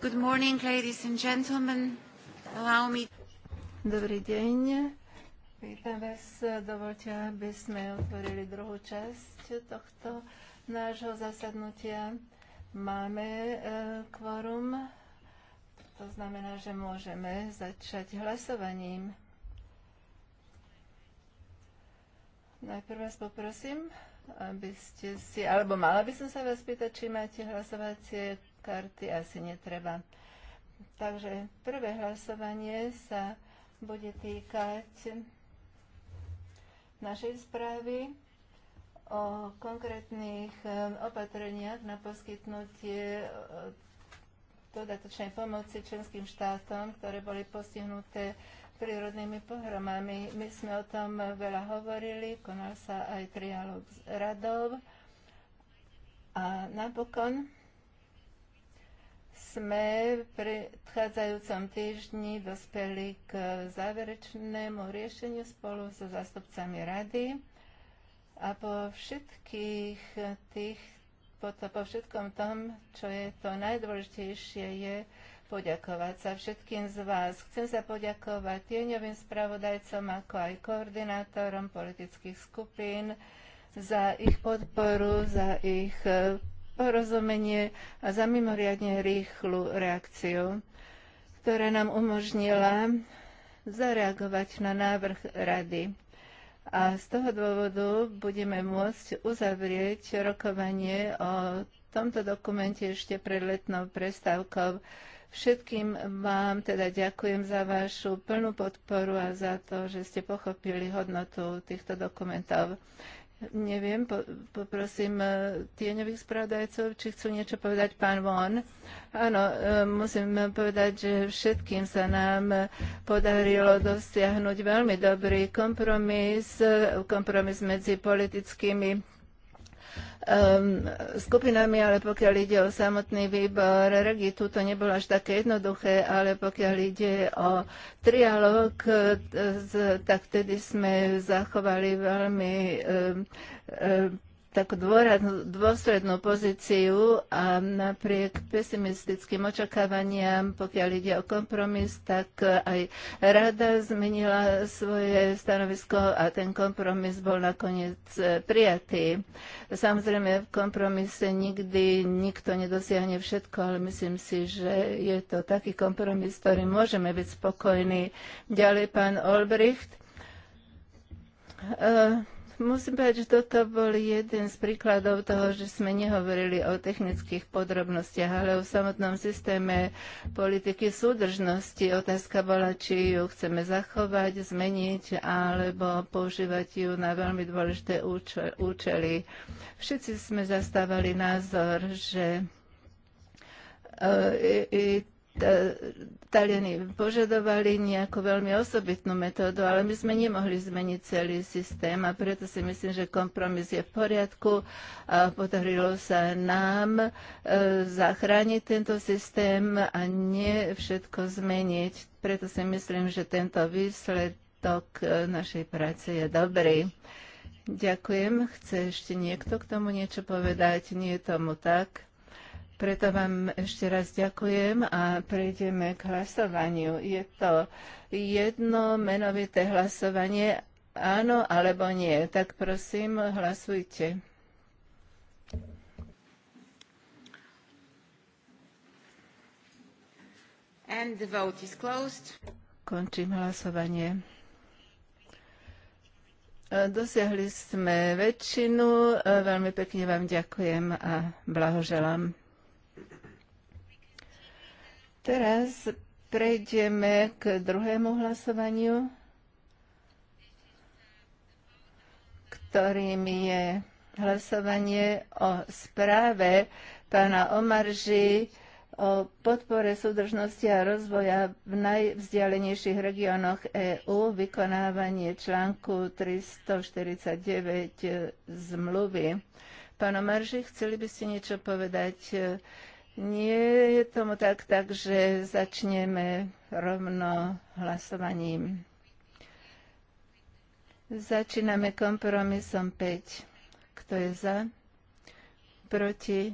Good morning, ladies and gentlemen. Allow me... Dobrý deň. Vítam vás. Dovolte, aby sme otvorili druhú časť tohto nášho zasadnutia. Máme e, kvorum, to znamená, že môžeme začať hlasovaním. Najprv vás poprosím, aby ste si, alebo mala by som sa vás pýtať, či máte hlasovacie karty asi netreba. Takže prvé hlasovanie sa bude týkať našej správy o konkrétnych eh, opatreniach na poskytnutie eh, dodatočnej pomoci členským štátom, ktoré boli postihnuté prírodnými pohromami. My sme o tom veľa hovorili, konal sa aj trialóg s radov a napokon sme v predchádzajúcom týždni dospeli k záverečnému riešeniu spolu so zastupcami rady a po všetkých tých, po, to, po všetkom tom, čo je to najdôležitejšie, je poďakovať sa všetkým z vás. Chcem sa poďakovať tieňovým spravodajcom, ako aj koordinátorom politických skupín za ich podporu, za ich porozumenie a za mimoriadne rýchlu reakciu, ktorá nám umožnila zareagovať na návrh rady. A z toho dôvodu budeme môcť uzavrieť rokovanie o tomto dokumente ešte pred letnou prestávkou. Všetkým vám teda ďakujem za vašu plnú podporu a za to, že ste pochopili hodnotu týchto dokumentov. Neviem, poprosím e, tieňových spravodajcov, či chcú niečo povedať pán Von. Áno, e, musím povedať, že všetkým sa nám podarilo dosiahnuť veľmi dobrý kompromis, e, kompromis medzi politickými um, skupinami, ale pokiaľ ide o samotný výbor regi, tu to nebolo až také jednoduché, ale pokiaľ ide o trialog, e, tak vtedy sme zachovali veľmi um, takú dôradnú, dôslednú pozíciu a napriek pesimistickým očakávaniam, pokiaľ ide o kompromis, tak aj rada zmenila svoje stanovisko a ten kompromis bol nakoniec e, prijatý. Samozrejme, v kompromise nikdy nikto nedosiahne všetko, ale myslím si, že je to taký kompromis, ktorý môžeme byť spokojní. Ďalej pán Olbricht. Uh, Musím povedať, že toto bol jeden z príkladov toho, že sme nehovorili o technických podrobnostiach, ale o samotnom systéme politiky súdržnosti. Otázka bola, či ju chceme zachovať, zmeniť alebo používať ju na veľmi dôležité účely. Všetci sme zastávali názor, že e, i Taliani požadovali nejakú veľmi osobitnú metódu, ale my sme nemohli zmeniť celý systém a preto si myslím, že kompromis je v poriadku a podarilo sa nám e, zachrániť tento systém a nie všetko zmeniť. Preto si myslím, že tento výsledok e, našej práce je dobrý. Ďakujem. Chce ešte niekto k tomu niečo povedať? Nie je tomu tak. Preto vám ešte raz ďakujem a prejdeme k hlasovaniu. Je to jedno menovité hlasovanie, áno alebo nie. Tak prosím, hlasujte. And the vote is closed. Končím hlasovanie. Dosiahli sme väčšinu. Veľmi pekne vám ďakujem a blahoželám. Teraz prejdeme k druhému hlasovaniu, ktorým je hlasovanie o správe pána Omarži o podpore súdržnosti a rozvoja v najvzdialenejších regiónoch EÚ, vykonávanie článku 349 zmluvy. Pán Omarži, chceli by ste niečo povedať nie je tomu tak, takže začneme rovno hlasovaním. Začíname kompromisom 5. Kto je za? Proti?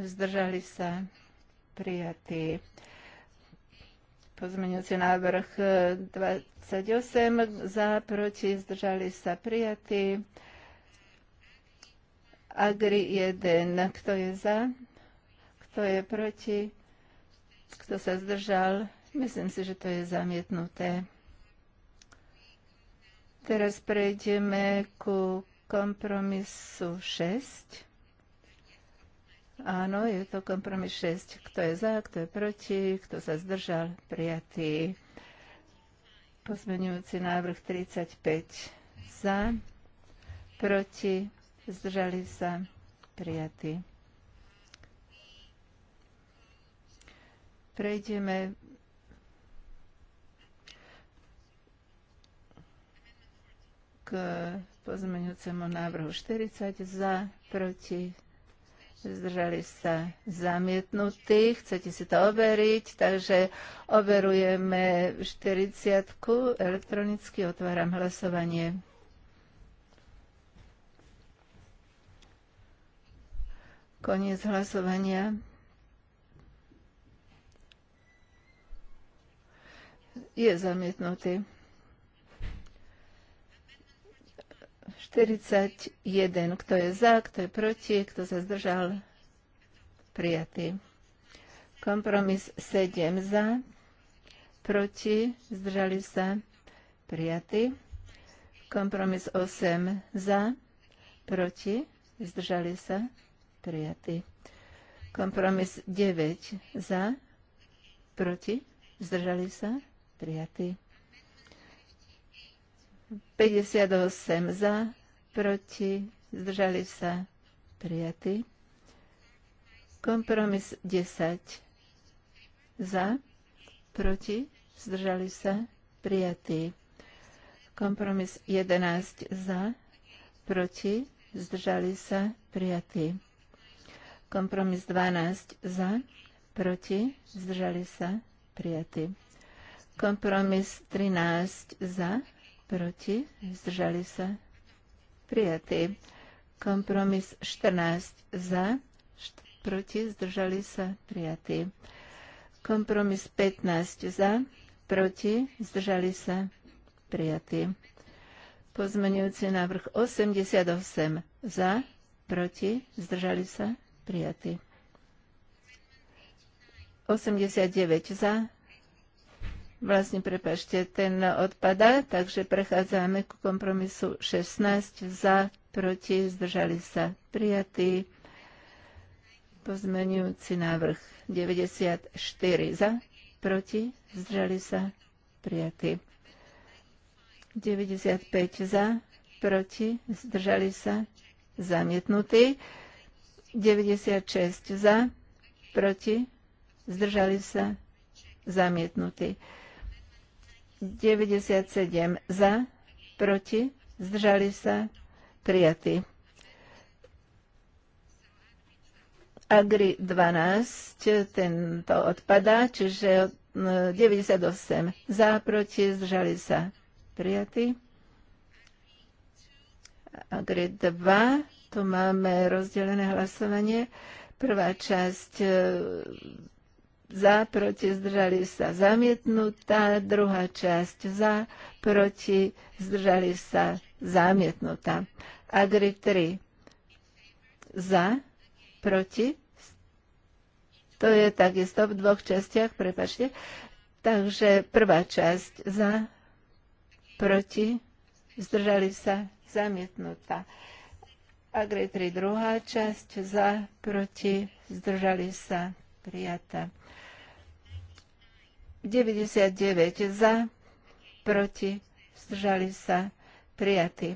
Zdržali sa? Prijatý. Pozmeňujúci návrh 28. Za, proti? Zdržali sa? Prijatý. Agri 1. Kto je za? Kto je proti? Kto sa zdržal? Myslím si, že to je zamietnuté. Teraz prejdeme ku kompromisu 6. Áno, je to kompromis 6. Kto je za, kto je proti, kto sa zdržal, prijatý. Pozmenujúci návrh 35 za, proti, zdržali sa, prijatý. Prejdeme k pozmeňujúcemu návrhu 40 za, proti, zdržali sa zamietnutí. Chcete si to overiť, takže overujeme 40 elektronicky, otváram hlasovanie. Koniec hlasovania. je zamietnutý. 41. Kto je za, kto je proti, kto sa zdržal? Prijatý. Kompromis 7 za, proti, zdržali sa? Prijatý. Kompromis 8 za, proti, zdržali sa? Prijatý. Kompromis 9 za, proti, zdržali sa? prijatý. 58 za, proti, zdržali sa, prijatý. Kompromis 10 za, proti, zdržali sa, prijatý. Kompromis 11 za, proti, zdržali sa, prijatý. Kompromis 12 za, proti, zdržali sa, prijatý. Kompromis 13 za, proti, zdržali sa, prijatý. Kompromis 14 za, proti, zdržali sa, prijatý. Kompromis 15 za, proti, zdržali sa, prijatý. Pozmenujúci návrh 88 za, proti, zdržali sa, prijatý. 89 za, vlastne prepašte, ten odpada, takže prechádzame ku kompromisu 16 za, proti, zdržali sa prijatí. Pozmenujúci návrh 94 za, proti, zdržali sa prijatí. 95 za, proti, zdržali sa zamietnutí. 96 za, proti, zdržali sa zamietnutí. 97 za, proti, zdržali sa, prijatí. Agri 12, tento odpadá, čiže 98 e, za, proti, zdržali sa, prijatí. Agri 2, tu máme rozdelené hlasovanie. Prvá časť e, za, proti, zdržali sa zamietnutá, druhá časť za, proti, zdržali sa zamietnutá. Agri 3 za, proti, to je takisto v dvoch častiach, prepačte. Takže prvá časť za, proti, zdržali sa zamietnutá. Agri 3 druhá časť za, proti, zdržali sa prijatá. 99 za, proti, zdržali sa, prijatí.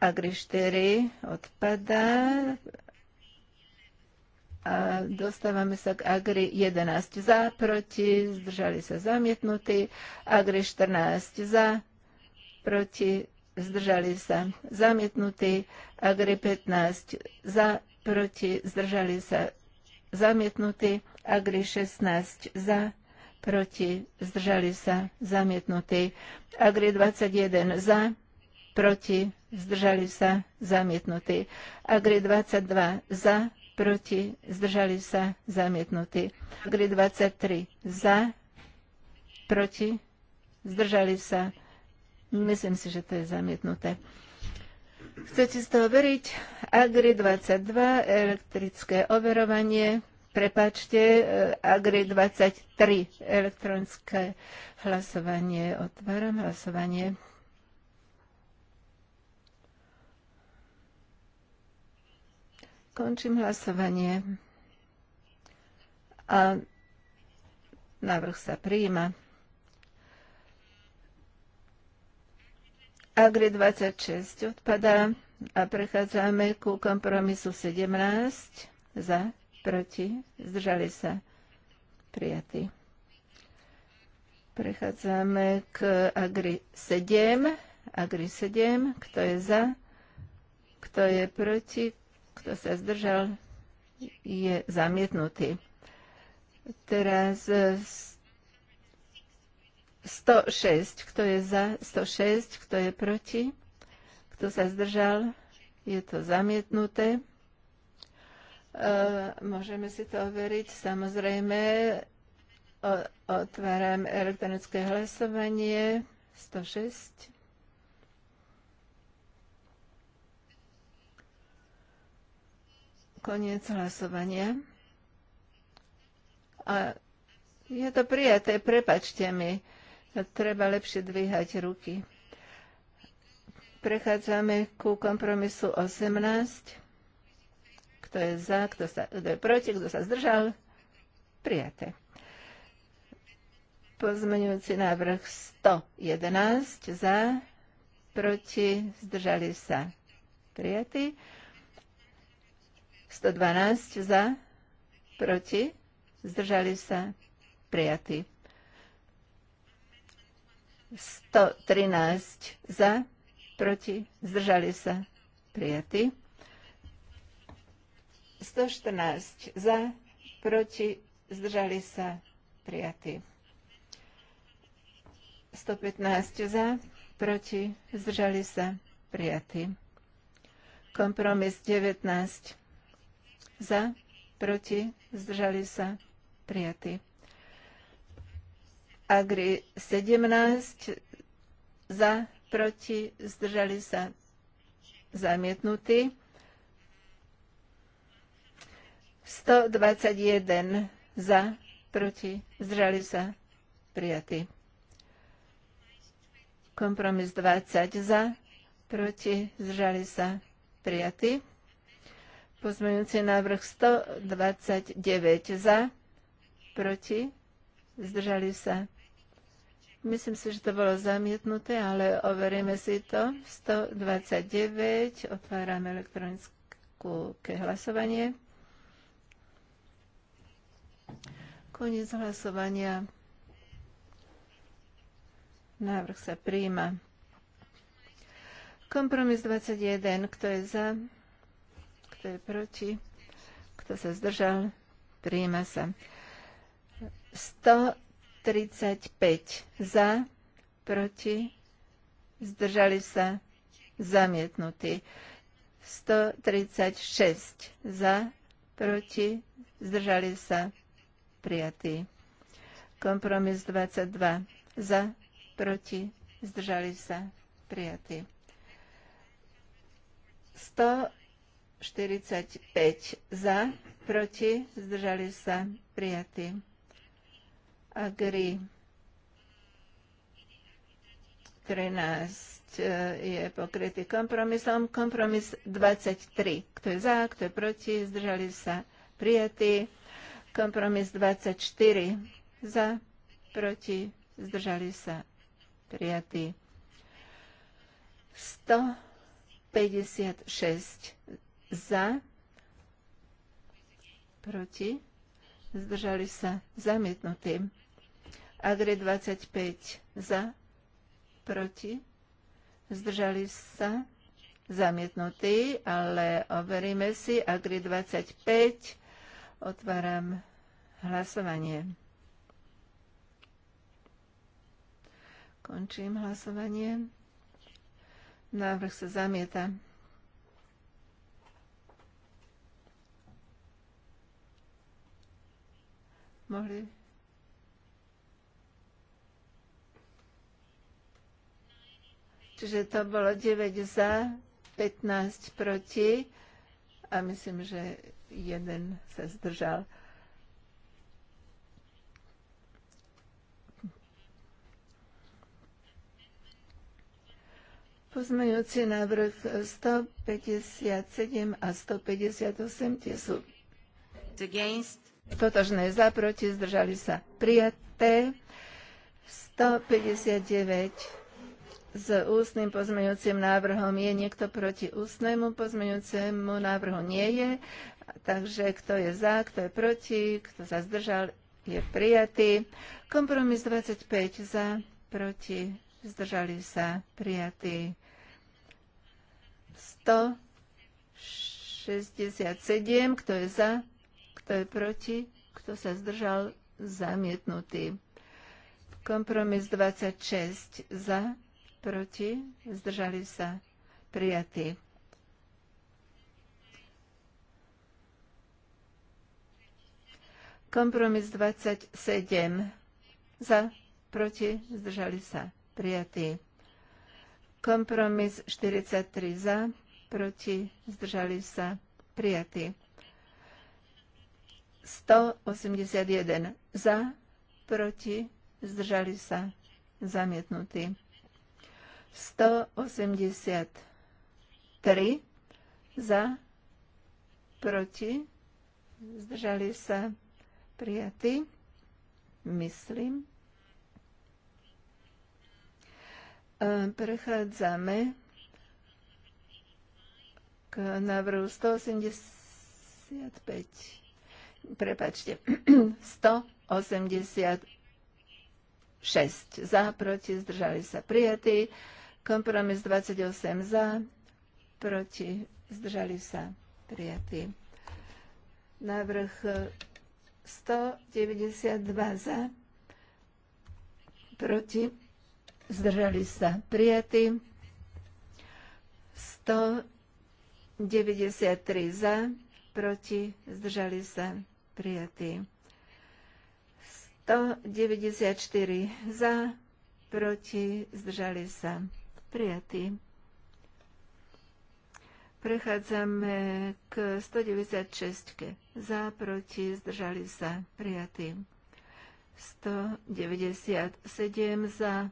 Agri 4 odpadá a dostávame sa k Agri 11 za, proti, zdržali sa zamietnutí, Agri 14 za, proti, zdržali sa zamietnutí, Agri 15 za, proti, zdržali sa zamietnutí, Agri 16 za, proti, zdržali sa, zamietnutý. Agri 21 za, proti, zdržali sa, zamietnutý. Agri 22 za, proti, zdržali sa, zamietnutý. Agri 23 za, proti, zdržali sa, myslím si, že to je zamietnuté. Chcete z toho veriť? Agri 22, elektrické overovanie prepačte, eh, Agri 23, elektronické hlasovanie. Otváram hlasovanie. Končím hlasovanie. A návrh sa prijíma. Agri 26 odpadá a prechádzame ku kompromisu 17 za proti, zdržali sa, prijatí. Prechádzame k Agri 7. Agri 7, kto je za, kto je proti, kto sa zdržal, je zamietnutý. Teraz 106, e, kto je za, 106, kto je proti, kto sa zdržal, je to zamietnuté. Eh, môžeme si to overiť. Samozrejme, otváram elektronické hlasovanie 106. Koniec hlasovania. A je to prijaté, prepačte mi. Treba lepšie dvíhať ruky. Prechádzame ku kompromisu 18 kto je za, kto, sa, kto je proti, kto sa zdržal, prijaté. Pozmeňujúci návrh 111 za, proti, zdržali sa, prijatý. 112 za, proti, zdržali sa, prijatý. 113 za, proti, zdržali sa, prijatý. 114 za, proti, zdržali sa prijatí. 115 za, proti, zdržali sa prijatí. Kompromis 19 za, proti, zdržali sa prijatí. Agri 17 za, proti, zdržali sa zamietnutí. 121 za, proti, zdrali sa, prijatí. Kompromis 20 za, proti, zdrali sa, prijatí. Pozmeňujúci návrh 129 za, proti, zdržali sa. Myslím si, že to bolo zamietnuté, ale overíme si to. 129, otvárame elektronické hlasovanie. Koniec hlasovania. Návrh sa príjma. Kompromis 21. Kto je za? Kto je proti? Kto sa zdržal? Príjma sa. 135 za, proti, zdržali sa, zamietnutí. 136 za, proti, zdržali sa, prijatý. Kompromis 22 za, proti, zdržali sa, prijatý. 145 za, proti, zdržali sa, prijatý. Agri 13 e, je pokrytý kompromisom. Kompromis 23. Kto je za, kto je proti, zdržali sa, prijatý. Kompromis 24 za, proti, zdržali sa prijatí. 156 za, proti, zdržali sa zamietnutí. Agri 25 za, proti, zdržali sa zamietnutí, ale overíme si Agri 25 Otváram hlasovanie. Končím hlasovanie. Návrh sa zamieta. Mohli? Čiže to bolo 9 za, 15 proti a myslím, že jeden sa zdržal. Pozmeňujúci návrh 157 a 158 tie sú against. totožné za, proti, zdržali sa prijaté. 159 s ústnym pozmeňujúcim návrhom je niekto proti ústnemu pozmeňujúcemu návrhu nie je. Takže kto je za, kto je proti, kto sa zdržal, je prijatý. Kompromis 25 za, proti, zdržali sa, prijatý. 167, kto je za, kto je proti, kto sa zdržal, zamietnutý. Kompromis 26 za, proti, zdržali sa, prijatý. Kompromis 27 za, proti, zdržali sa, prijatý. Kompromis 43 za, proti, zdržali sa, prijatý. 181 za, proti, zdržali sa, zamietnutý. 183 za, proti, zdržali sa, prijatý, myslím. E, prechádzame k návrhu 185. Prepačte, 186. Za, proti, zdržali sa prijatí. Kompromis 28 za, proti, zdržali sa prijatí. Návrh 192 za, proti, zdržali sa prijatí, 193 za, proti, zdržali sa prijatí, 194 za, proti, zdržali sa prijatí. Prechádzame k 196. Za, proti, zdržali sa, prijatí. 197 za.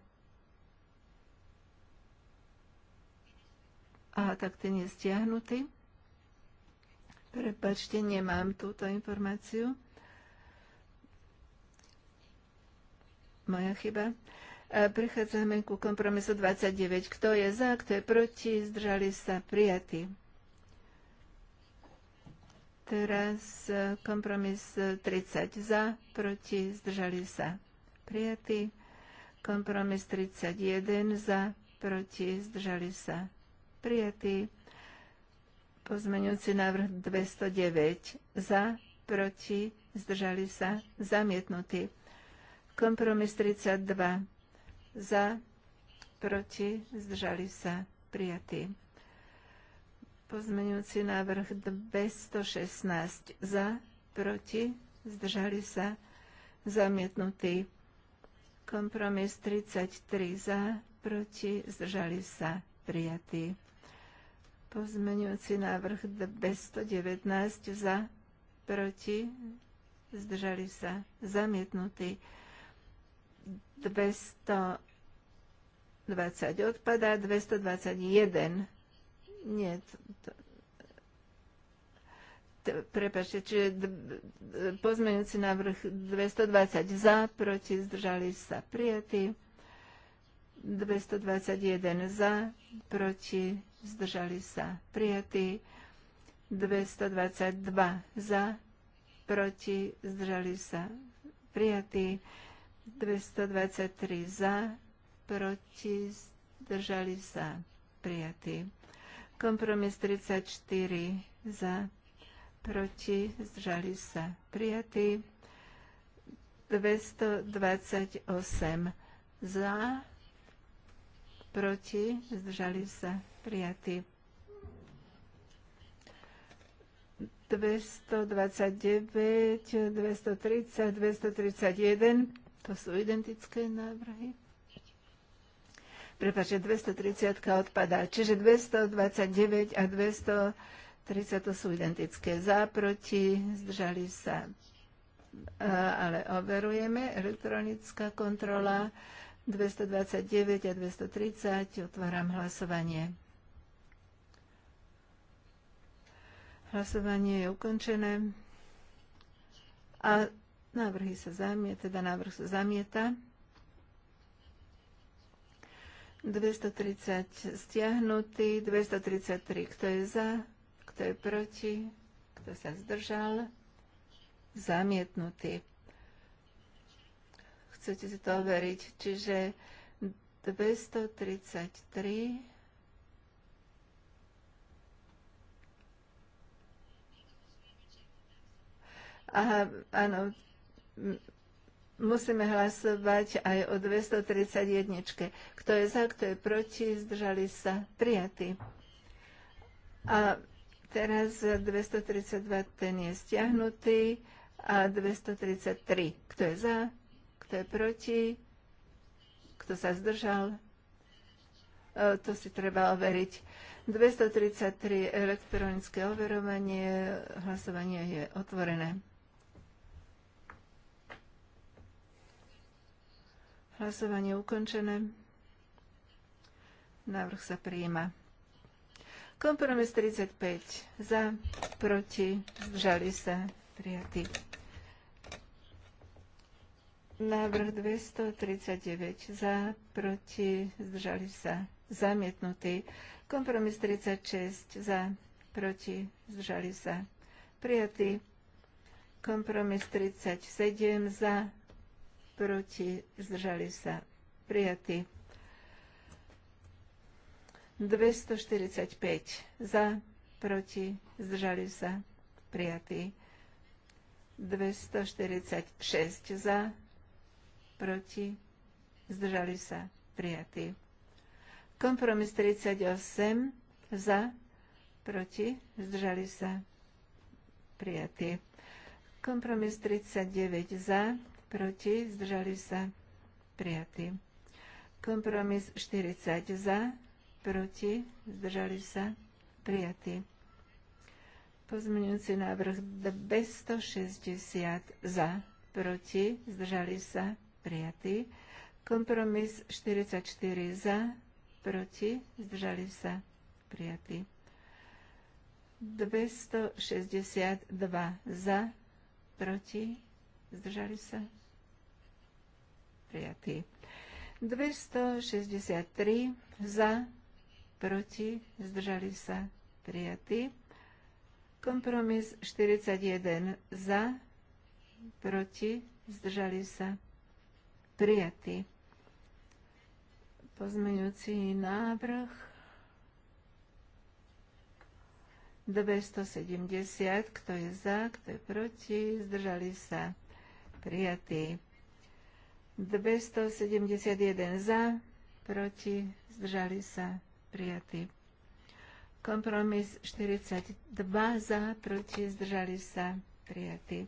A tak ten je stiahnutý. Prepačte, nemám túto informáciu. Moja chyba. A prichádzame ku kompromisu 29. Kto je za, kto je proti, zdržali sa prijatí. Teraz e, kompromis 30 e, za, proti, zdržali sa. Prijatý. Kompromis 31 za, proti, zdržali sa. Prijatý. Pozmeňujúci návrh 209 za, proti, zdržali sa. Zamietnutý. Kompromis 32 za, proti, zdržali sa. Prijatý. Pozmeňujúci návrh 216 za, proti, zdržali sa, zamietnutý. Kompromis 33 za, proti, zdržali sa, prijatý. Pozmeňujúci návrh 219 za, proti, zdržali sa, zamietnutý. 220 odpadá, 221 nie. prepáčte, čiže pozmeňujúci návrh 220 za, proti, zdržali sa prijatí. 221 za, proti, zdržali sa prijatí. 222 za, proti, zdržali sa prijatí. 223 za, proti, zdržali sa prijatí. Kompromis 34 za, proti, zdržali sa prijatí. 228 za, proti, zdržali sa prijatí. 229, 230, 231, to sú identické návrhy prepáčte, 230 odpadá. Čiže 229 a 230 to sú identické. Za, proti, zdržali sa. Ale overujeme. Elektronická kontrola 229 a 230. Otváram hlasovanie. Hlasovanie je ukončené. A návrhy sa zamieta, teda návrh sa zamieta. 230 stiahnutý, 233 kto je za, kto je proti, kto sa zdržal, zamietnutý. Chcete si to overiť, čiže 233 Aha, áno, Musíme hlasovať aj o 231. Kto je za, kto je proti, zdržali sa prijatí. A teraz 232 ten je stiahnutý a 233. Kto je za, kto je proti, kto sa zdržal, e, to si treba overiť. 233 elektronické overovanie, hlasovanie je otvorené. Hlasovanie ukončené. Návrh sa prijíma. Kompromis 35. Za, proti, zdržali sa, prijatý. Návrh 239. Za, proti, zdržali sa, zamietnutý. Kompromis 36. Za, proti, zdržali sa, prijatý. Kompromis 37. Za, proti, zdržali sa prijatí. 245 za, proti, zdržali sa prijatí. 246 za, proti, zdržali sa prijatí. Kompromis 38 za, proti, zdržali sa prijatí. Kompromis 39 za, proti, zdržali sa prijatí. Kompromis 40 za, proti, zdržali sa prijatí. Pozmeňujúci návrh 260 za, proti, zdržali sa, prijatý. Kompromis 44 za, proti, zdržali sa, prijatý. 262 za, proti, zdržali sa, prijatý. 263 za, proti, zdržali sa, prijatý. Kompromis 41 za, proti, zdržali sa, prijatý. Pozmeňujúci návrh 270, kto je za, kto je proti, zdržali sa, prijatý. 271 za, proti, zdržali sa, prijatí. Kompromis 42 za, proti, zdržali sa, prijatí.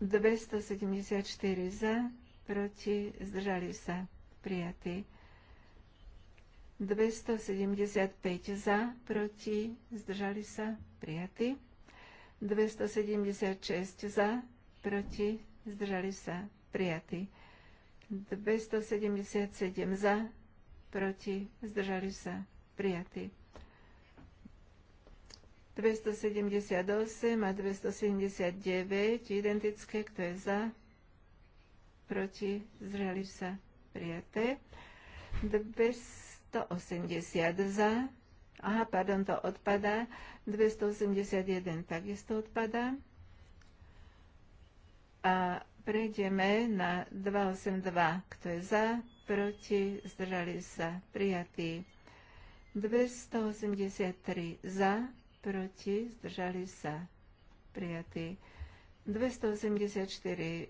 274 za, proti, zdržali sa, prijatí. 275 za, proti, zdržali sa, prijatí. 276 za, proti, zdržali sa prijatí. 277 za, proti, zdržali sa prijatí. 278 a 279 identické, kto je za, proti, zdržali sa prijaté. 280 za, aha, pardon, to odpadá. 281 takisto odpadá. A prejdeme na 282. Kto je za? Proti? Zdržali sa? Prijatí. 283 za, proti, zdržali sa, prijatí. 284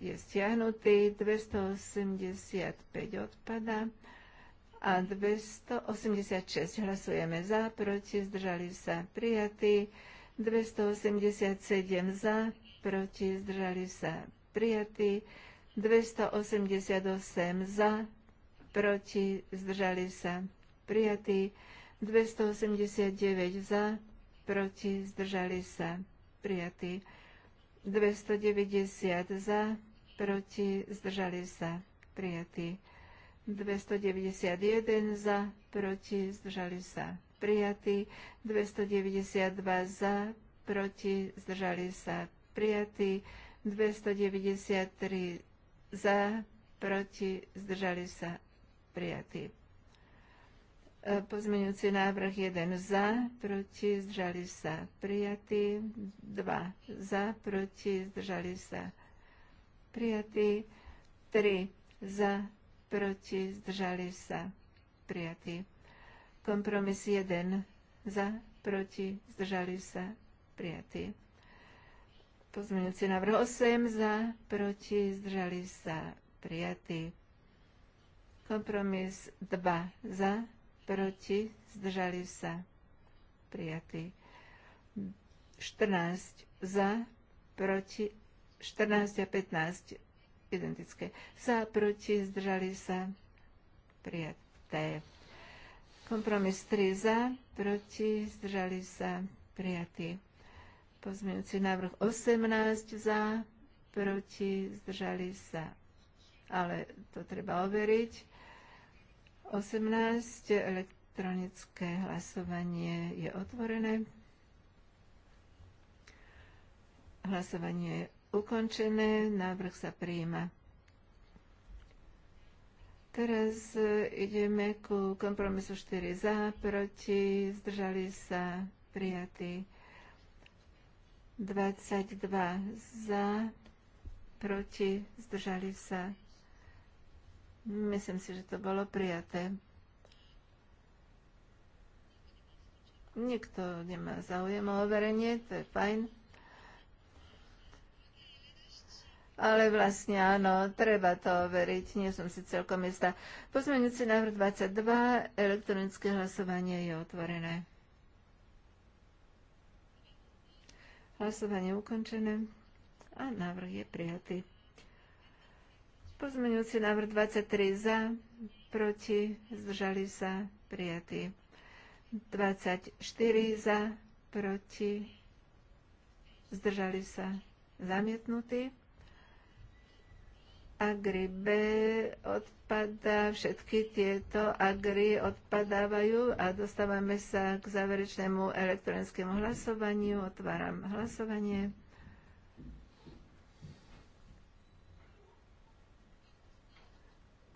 je stiahnutý, 285 odpada a 286 hlasujeme za, proti, zdržali sa prijatí, 287 za, proti, zdržali sa prijatí. 288 za, proti, zdržali sa prijatí. 289 za, proti, zdržali sa prijatí. 290 za, proti, zdržali sa prijatí. 291 za, proti, zdržali sa prijatí. 292 za, proti, zdržali sa prijatý, 293 za, proti, zdržali sa prijatý. E, pozmeňujúci návrh 1 za, proti, zdržali sa prijatý, 2 za, proti, zdržali sa prijatý, 3 za, proti, zdržali sa prijatý. Kompromis 1 za, proti, zdržali sa prijatý. Pozmeňujúci návrh 8 za, proti, zdržali sa prijatí. Kompromis 2 za, proti, zdržali sa prijatí. 14 za, proti, 14 a 15 identické. Za, proti, zdržali sa prijaté. Kompromis 3 za, proti, zdržali sa prijatí. Pozmeňujúci návrh 18 za, proti, zdržali sa. Ale to treba overiť. 18 elektronické hlasovanie je otvorené. Hlasovanie je ukončené, návrh sa prijíma. Teraz e, ideme ku kompromisu 4 za, proti, zdržali sa, prijatí. 22 za, proti, zdržali sa. Myslím si, že to bolo prijaté. Nikto nemá záujem o overenie, to je fajn. Ale vlastne áno, treba to overiť, nie som si celkom istá. Pozmeňujúci návrh 22, elektronické hlasovanie je otvorené. Hlasovanie ukončené a návrh je prijatý. Pozmeňujúci návrh 23 za, proti, zdržali sa, prijatý. 24 za, proti, zdržali sa, zamietnutý. Agri B odpada, všetky tieto agri odpadávajú a dostávame sa k záverečnému elektronickému hlasovaniu. Otváram hlasovanie.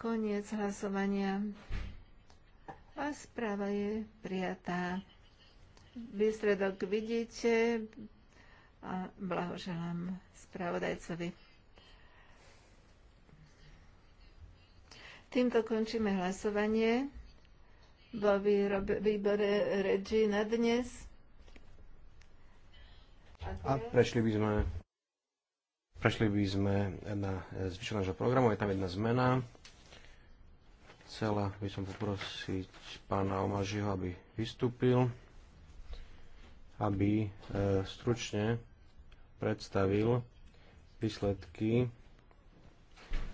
Koniec hlasovania. A správa je prijatá. Výsledok vidíte a blahoželám spravodajcovi. Týmto končíme hlasovanie vo výbore REGI na dnes. A, prešli by sme Prešli by sme na zvyšok nášho programu, je tam jedna zmena. Chcela by som poprosiť pána Omažiho, aby vystúpil, aby e, stručne predstavil výsledky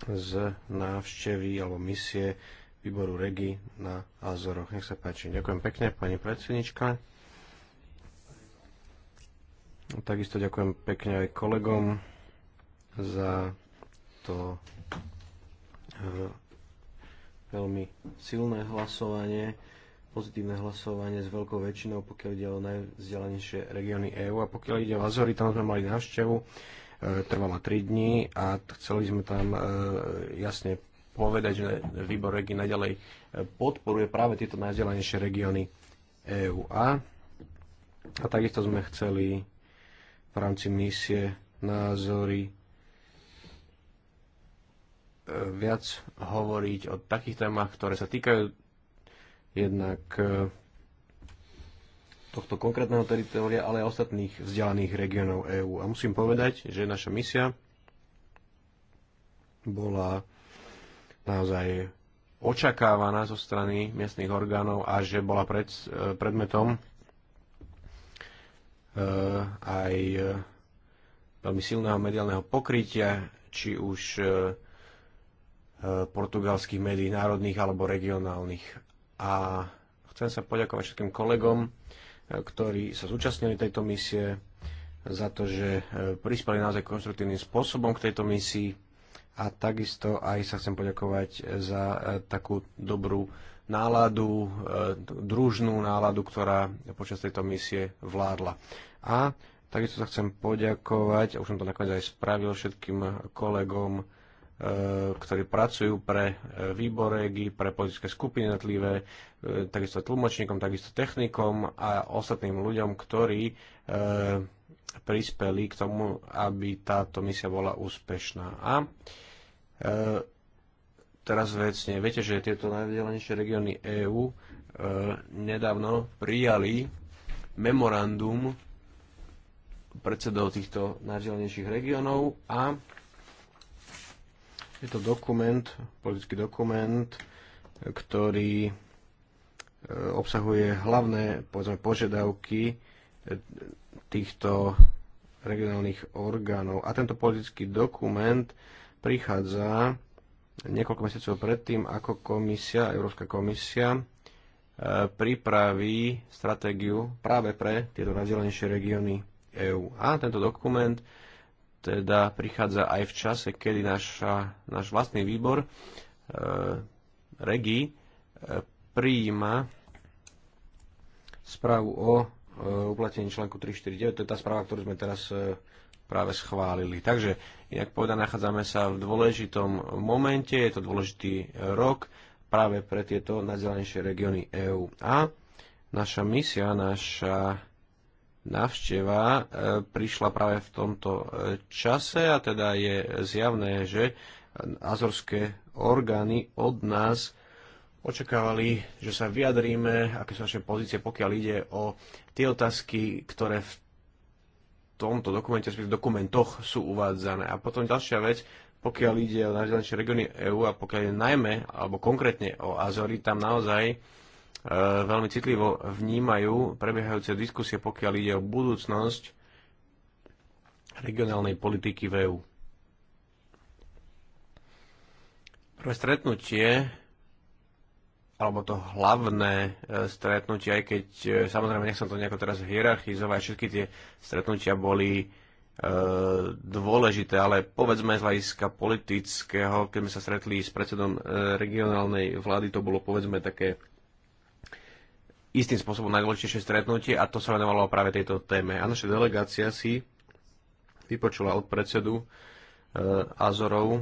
z návštevy alebo misie výboru REGI na Azoroch. Nech sa páči. Ďakujem pekne, pani predsednička. Takisto ďakujem pekne aj kolegom za to eh, veľmi silné hlasovanie, pozitívne hlasovanie s veľkou väčšinou, pokiaľ ide o najvzdelanejšie regióny EÚ. A pokiaľ ide o Azory, tam sme mali návštevu E, trvala 3 dní a chceli sme tam e, jasne povedať, že výbor regi naďalej e, podporuje práve tieto najzdelenejšie regióny EÚ. A, a takisto sme chceli v rámci misie názory viac hovoriť o takých témach, ktoré sa týkajú jednak tohto konkrétneho teritoria, ale aj ostatných vzdialených regiónov EÚ. A musím povedať, že naša misia bola naozaj očakávaná zo strany miestnych orgánov a že bola pred, predmetom eh, aj eh, veľmi silného mediálneho pokrytia, či už eh, portugalských médií národných alebo regionálnych. A chcem sa poďakovať všetkým kolegom, ktorí sa zúčastnili tejto misie, za to, že e, prispeli naozaj konstruktívnym spôsobom k tejto misii a takisto aj sa chcem poďakovať za e, takú dobrú náladu, e, družnú náladu, ktorá počas tejto misie vládla. A takisto sa chcem poďakovať, a už som to nakoniec aj spravil všetkým kolegom, Eh, ktorí pracujú pre eh, výbor regi, pre politické skupiny jednotlivé, eh, takisto tlmočníkom, takisto technikom a ostatným ľuďom, ktorí prispeli k tomu, aby táto misia bola úspešná. A teraz vecne, viete, že tieto najvzdelanejšie regióny EÚ nedávno prijali memorandum predsedov týchto najvzdelanejších regiónov a je to dokument, politický dokument, ktorý e, obsahuje hlavné povedzme, požiadavky e, týchto regionálnych orgánov. A tento politický dokument prichádza niekoľko mesiacov predtým, ako komisia, Európska komisia e, pripraví stratégiu práve pre tieto najzelenejšie regióny EÚ. A tento dokument teda prichádza aj v čase, kedy naša, náš vlastný výbor e, REGI e, prijíma správu o e, uplatnení článku 349, to je tá správa, ktorú sme teraz e, práve schválili. Takže, inak povedané, nachádzame sa v dôležitom momente, je to dôležitý rok práve pre tieto najzelenejšie regióny EÚ. A naša misia, naša návšteva e, prišla práve v tomto e, čase a teda je zjavné, že azorské orgány od nás očakávali, že sa vyjadríme, aké sú naše pozície, pokiaľ ide o tie otázky, ktoré v tomto dokumente, v dokumentoch sú uvádzané. A potom ďalšia vec, pokiaľ ide o najvzdialenejšie regióny EÚ a pokiaľ je najmä, alebo konkrétne o Azory, tam naozaj E, veľmi citlivo vnímajú prebiehajúce diskusie, pokiaľ ide o budúcnosť regionálnej politiky v EU. Prvé stretnutie, alebo to hlavné e, stretnutie, aj keď e, samozrejme nechcem to nejako teraz hierarchizovať, všetky tie stretnutia boli dôležité, ale povedzme z hľadiska politického, keď sme sa stretli s predsedom regionálnej vlády, to bolo povedzme také istým spôsobom najdôležitejšie stretnutie a to sa venovalo práve tejto téme. A naša delegácia si vypočula od predsedu e, Azorov e,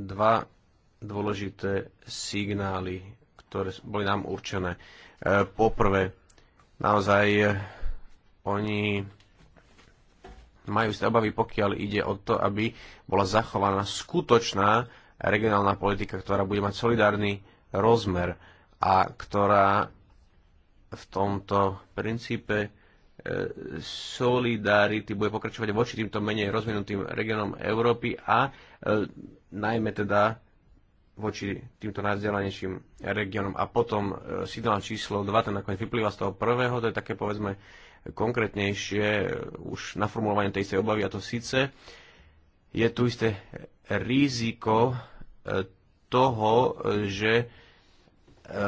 dva dôležité signály, ktoré boli nám určené. E, poprvé, naozaj e, oni majú isté obavy, pokiaľ ide o to, aby bola zachovaná skutočná regionálna politika, ktorá bude mať solidárny rozmer a ktorá v tomto princípe e, solidarity bude pokračovať voči týmto menej rozvinutým regiónom Európy a e, najmä teda voči týmto najvzdelanejším regiónom. A potom e, signál číslo 2, ten nakoniec vyplýva z toho prvého, to je také povedzme konkrétnejšie už na formulovanie tej istej obavy a to síce je tu isté riziko toho, že E,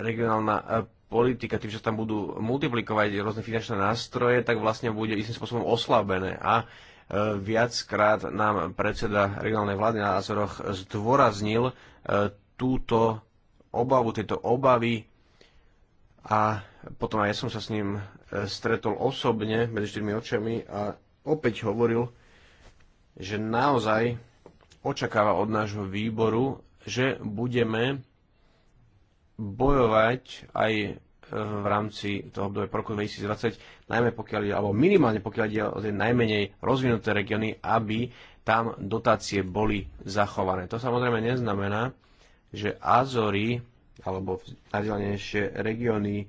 regionálna e, politika, tým, že tam budú multiplikovať rôzne finančné nástroje, tak vlastne bude istým spôsobom oslabené. A e, viackrát nám predseda regionálnej vlády na Azoroch zdôraznil túto obavu, tieto obavy a potom aj ja som sa s ním stretol osobne medzi štyrmi očami a opäť hovoril, že naozaj očakáva od nášho výboru, že budeme bojovať aj e, v rámci toho obdobia po roku 2020, najmä pokiaľ ide, alebo minimálne pokiaľ ide o tie najmenej rozvinuté regióny, aby tam dotácie boli zachované. To samozrejme neznamená, že Azory alebo najdelenejšie regióny,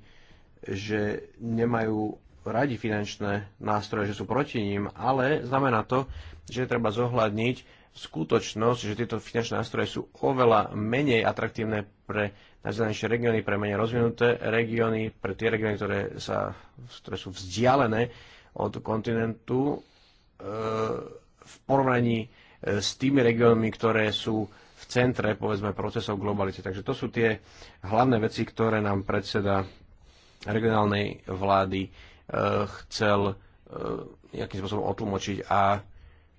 že nemajú radi finančné nástroje, že sú proti ním, ale znamená to, že treba zohľadniť skutočnosť, že tieto finančné nástroje sú oveľa menej atraktívne pre najzdelenejšie regióny, pre menej rozvinuté regióny, pre tie regióny, ktoré, sa, ktoré sú vzdialené od kontinentu e, v porovnaní e, s tými regiónmi, ktoré sú v centre, povedzme, procesov globality. Takže to sú tie hlavné veci, ktoré nám predseda regionálnej vlády e, chcel nejakým spôsobom otlmočiť a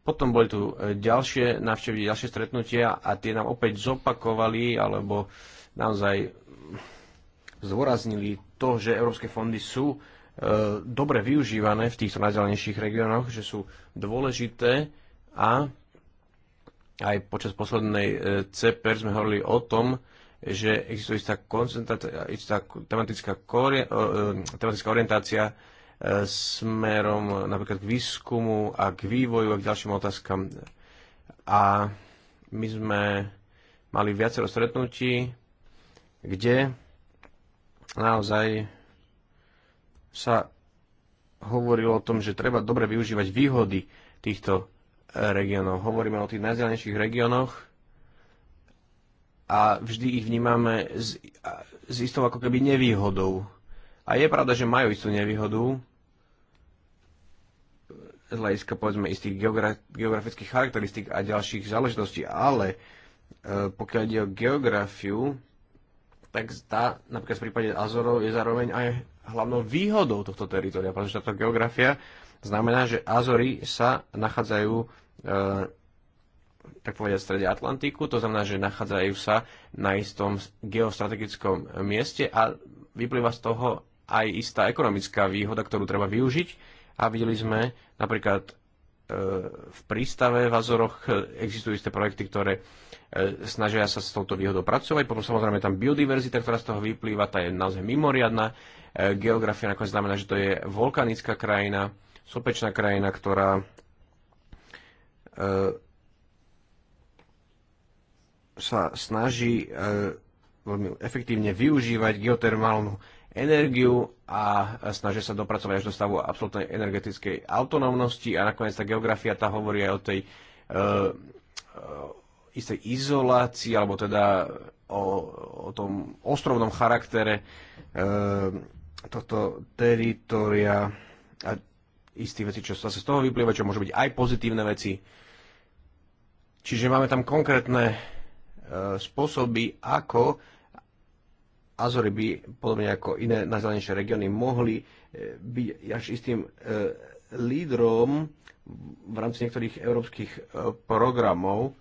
potom boli tu ďalšie návštevy, ďalšie stretnutia a tie nám opäť zopakovali alebo naozaj zdôraznili to, že európske fondy sú e, dobre využívané v týchto najzelenejších regiónoch, že sú dôležité a aj počas poslednej e, CPR sme hovorili o tom, že existuje istá, istá tematická, e, tematická orientácia smerom napríklad k výskumu a k vývoju a k ďalším otázkam. A my sme mali viacero stretnutí kde naozaj sa hovorilo o tom, že treba dobre využívať výhody týchto regiónov. Hovoríme o tých najzelenejších regiónoch a vždy ich vnímame s, z istou ako keby nevýhodou. A je pravda, že majú istú nevýhodu z hľadiska povedzme istých geogra- geografických charakteristík a ďalších záležitostí, ale e, pokiaľ ide o geografiu, tak tá, napríklad v prípade Azorov, je zároveň aj hlavnou výhodou tohto teritoria, pretože táto geografia znamená, že Azory sa nachádzajú e, tak povedať v strede Atlantiku, to znamená, že nachádzajú sa na istom geostrategickom mieste a vyplýva z toho aj istá ekonomická výhoda, ktorú treba využiť a videli sme napríklad e, v prístave v Azoroch existujú isté projekty, ktoré E, snažia sa s touto výhodou pracovať. Potom samozrejme tam biodiverzita, ktorá z toho vyplýva, tá je naozaj mimoriadná. E, geografia nakoniec znamená, že to je vulkanická krajina, sopečná krajina, ktorá e, sa snaží veľmi efektívne využívať geotermálnu energiu a snažia sa dopracovať až do stavu absolútnej energetickej autonómnosti a nakoniec tá geografia tá hovorí aj o tej istej izolácii, alebo teda o, o tom ostrovnom charaktere e, tohto teritoria a isté veci, čo sa z toho vyplýva, čo môže byť aj pozitívne veci. Čiže máme tam konkrétne e, spôsoby, ako Azory by, podobne ako iné najzelenejšie regióny, mohli e, byť až istým e, lídrom v rámci niektorých európskych e, programov,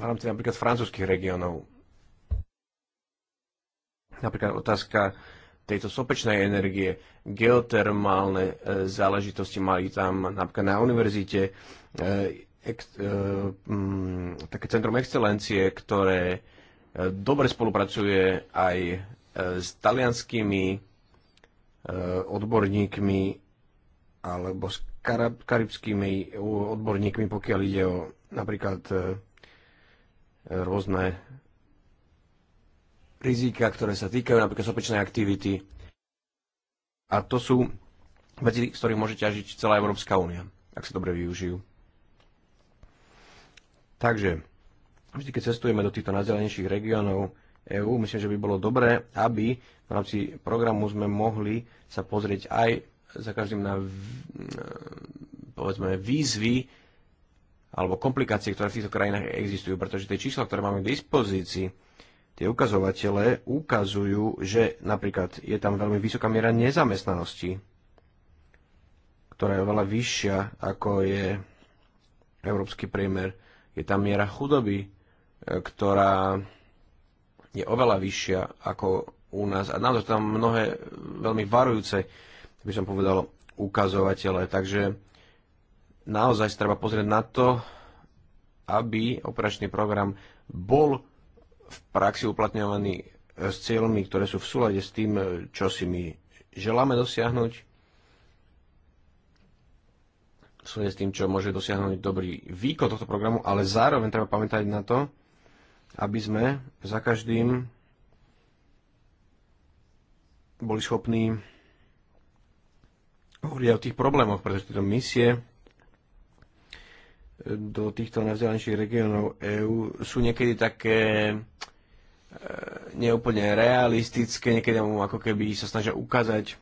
v rámci napríklad francúzských regiónov. Napríklad otázka tejto sopečnej energie, geotermálne e, záležitosti mali tam napríklad na univerzite e, ex, e, m, mm, také centrum excelencie, ktoré dobre spolupracuje aj s talianskými odborníkmi alebo s karibskými odborníkmi, pokiaľ ide o napríklad rôzne rizika, ktoré sa týkajú napríklad sopečnej aktivity. A to sú veci, z ktorých môže ťažiť celá Európska únia, ak sa dobre využijú. Takže, vždy keď cestujeme do týchto najzelenejších regiónov EÚ, myslím, že by bolo dobré, aby v rámci programu sme mohli sa pozrieť aj za každým na povedzme výzvy, alebo komplikácie, ktoré v týchto krajinách existujú, pretože tie čísla, ktoré máme k dispozícii, tie ukazovatele ukazujú, že napríklad je tam veľmi vysoká miera nezamestnanosti, ktorá je oveľa vyššia, ako je európsky priemer. Je tam miera chudoby, e, ktorá je oveľa vyššia ako u nás. A naozaj tam mnohé veľmi varujúce, by som povedal, ukazovatele. Takže naozaj sa treba pozrieť na to, aby operačný program bol v praxi uplatňovaný e, s cieľmi, ktoré sú v súlade s tým, e, čo si my želáme dosiahnuť, v súlade s tým, čo môže dosiahnuť dobrý výkon tohto programu, ale zároveň treba pamätať na to, aby sme za každým boli schopní hovoriť o tých problémoch, pretože tieto misie do týchto najvzdialenejších regiónov EÚ sú niekedy také e, neúplne realistické, niekedy ako keby sa snažia ukázať,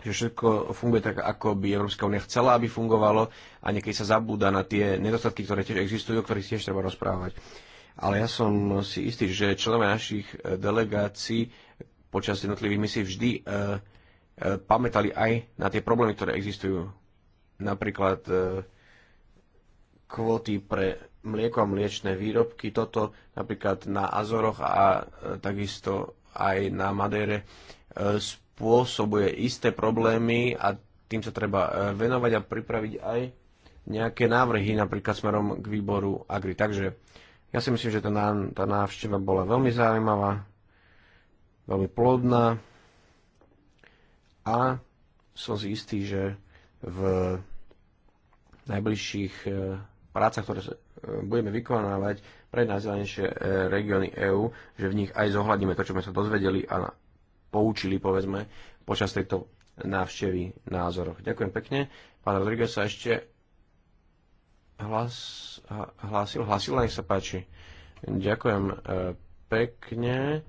že všetko funguje tak, ako by Európska únia chcela, aby fungovalo a niekedy sa zabúda na tie nedostatky, ktoré tiež existujú, o ktorých tiež treba rozprávať. Ale ja som si istý, že členovia našich e, delegácií počas jednotlivých misií vždy e, e, pamätali aj na tie problémy, ktoré existujú. Napríklad e, kvóty pre mlieko a mliečne výrobky. Toto napríklad na Azoroch a takisto aj na Madere e, spôsobuje isté problémy a tým sa treba e, venovať a pripraviť aj nejaké návrhy napríklad smerom k výboru Agri. Takže ja si myslím, že tá, tá návšteva bola veľmi zaujímavá, veľmi plodná a som si istý, že v najbližších e, práca, ktoré e, budeme vykonávať pre najzelenejšie e, regióny EÚ, že v nich aj zohľadníme to, čo sme sa dozvedeli a poučili, povedzme, počas tejto návštevy názorov. Ďakujem pekne. Pán Rodriguez sa ešte hlas, hlásil, hlásil, nech sa páči. Ďakujem e, pekne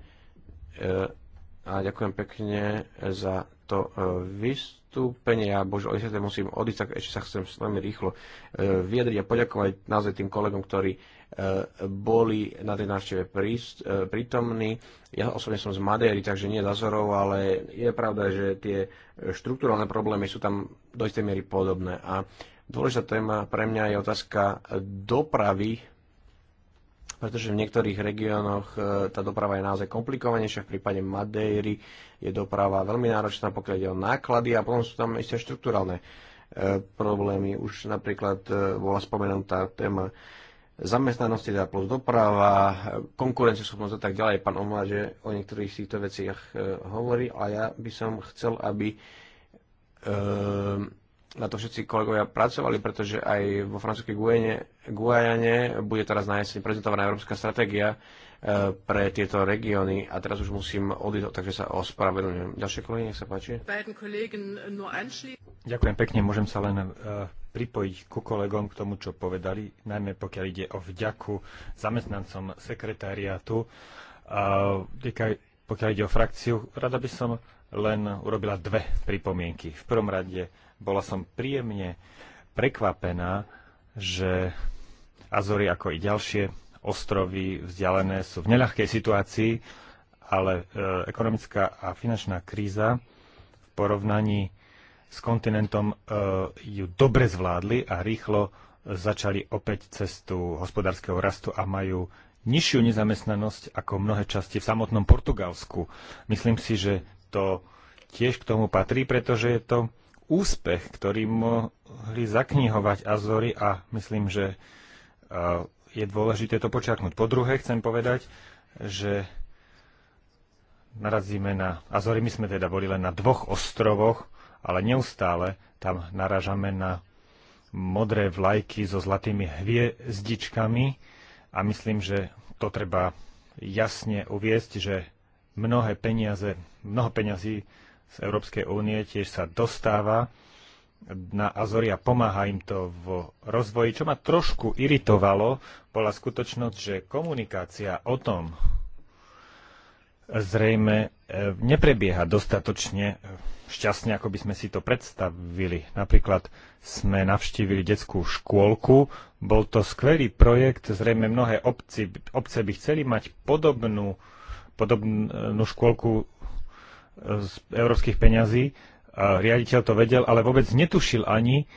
a ďakujem pekne za to vystúpenie vystúpenie. Ja bože o 10. musím odísť, tak ešte sa chcem s vami rýchlo e, vyjadriť a poďakovať naozaj tým kolegom, ktorí e, boli na tej návšteve e, prítomní. Ja osobne som z Madeiry, takže nie Azorov, ale je pravda, že tie štruktúrálne problémy sú tam do istej miery podobné. A dôležitá téma pre mňa je otázka dopravy pretože v niektorých regiónoch e, tá doprava je naozaj komplikovanejšia. V prípade Madeiry je doprava veľmi náročná, pokiaľ ide o náklady a potom sú tam isté štruktúralné e, problémy. Už napríklad e, bola spomenutá téma zamestnanosti teda plus doprava, konkurencieschopnosť a tak ďalej. Pán Omlad, že o niektorých z týchto veciach hovorí ale ja by som chcel, aby na to všetci kolegovia pracovali, pretože aj vo francúzskej Guajane bude teraz na jeseň prezentovaná európska stratégia e, pre tieto regióny a teraz už musím odísť, takže sa ospravedlňujem. Ďalšie kolegy, nech sa páči. Ďakujem pekne, môžem sa len e, pripojiť ku kolegom k tomu, čo povedali, najmä pokiaľ ide o vďaku zamestnancom sekretariátu. E, pokiaľ ide o frakciu, rada by som len urobila dve pripomienky. V prvom rade bola som príjemne prekvapená, že Azory ako i ďalšie ostrovy vzdialené sú v neľahkej situácii, ale e, ekonomická a finančná kríza v porovnaní s kontinentom e, ju dobre zvládli a rýchlo začali opäť cestu hospodárskeho rastu a majú nižšiu nezamestnanosť ako mnohé časti v samotnom Portugalsku. Myslím si, že to tiež k tomu patrí, pretože je to úspech, ktorý mohli zaknihovať Azory a myslím, že je dôležité to počiarknúť. Po druhé chcem povedať, že narazíme na Azory, my sme teda boli len na dvoch ostrovoch, ale neustále tam naražame na modré vlajky so zlatými hviezdičkami a myslím, že to treba jasne uviesť, že mnohé peniaze, mnoho peňazí z Európskej únie tiež sa dostáva na Azory a pomáha im to v rozvoji. Čo ma trošku iritovalo, bola skutočnosť, že komunikácia o tom zrejme e, neprebieha dostatočne šťastne, ako by sme si to predstavili. Napríklad sme navštívili detskú škôlku, bol to skvelý projekt, zrejme mnohé obci, obce by chceli mať podobnú podobnú škôlku z európskych peňazí. Riaditeľ to vedel, ale vôbec netušil ani,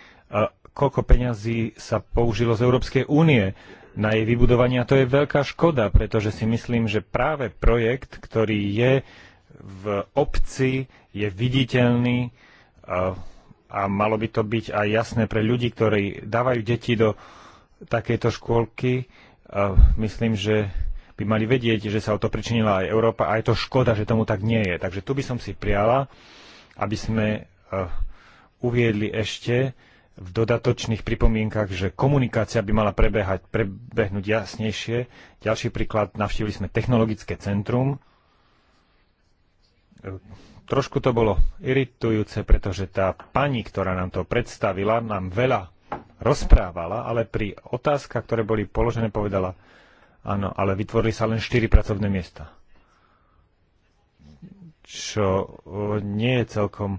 koľko peňazí sa použilo z Európskej únie na jej vybudovanie. A to je veľká škoda, pretože si myslím, že práve projekt, ktorý je v obci, je viditeľný a, a malo by to byť aj jasné pre ľudí, ktorí dávajú deti do takejto škôlky. A myslím, že by mali vedieť, že sa o to pričinila aj Európa a je to škoda, že tomu tak nie je. Takže tu by som si priala, aby sme eh, uviedli ešte v dodatočných pripomienkach, že komunikácia by mala prebehať, prebehnúť jasnejšie. Ďalší príklad, navštívili sme technologické centrum. Eh, trošku to bolo iritujúce, pretože tá pani, ktorá nám to predstavila, nám veľa rozprávala, ale pri otázkach, ktoré boli položené, povedala, Áno, ale vytvorili sa len 4 pracovné miesta. Čo nie je celkom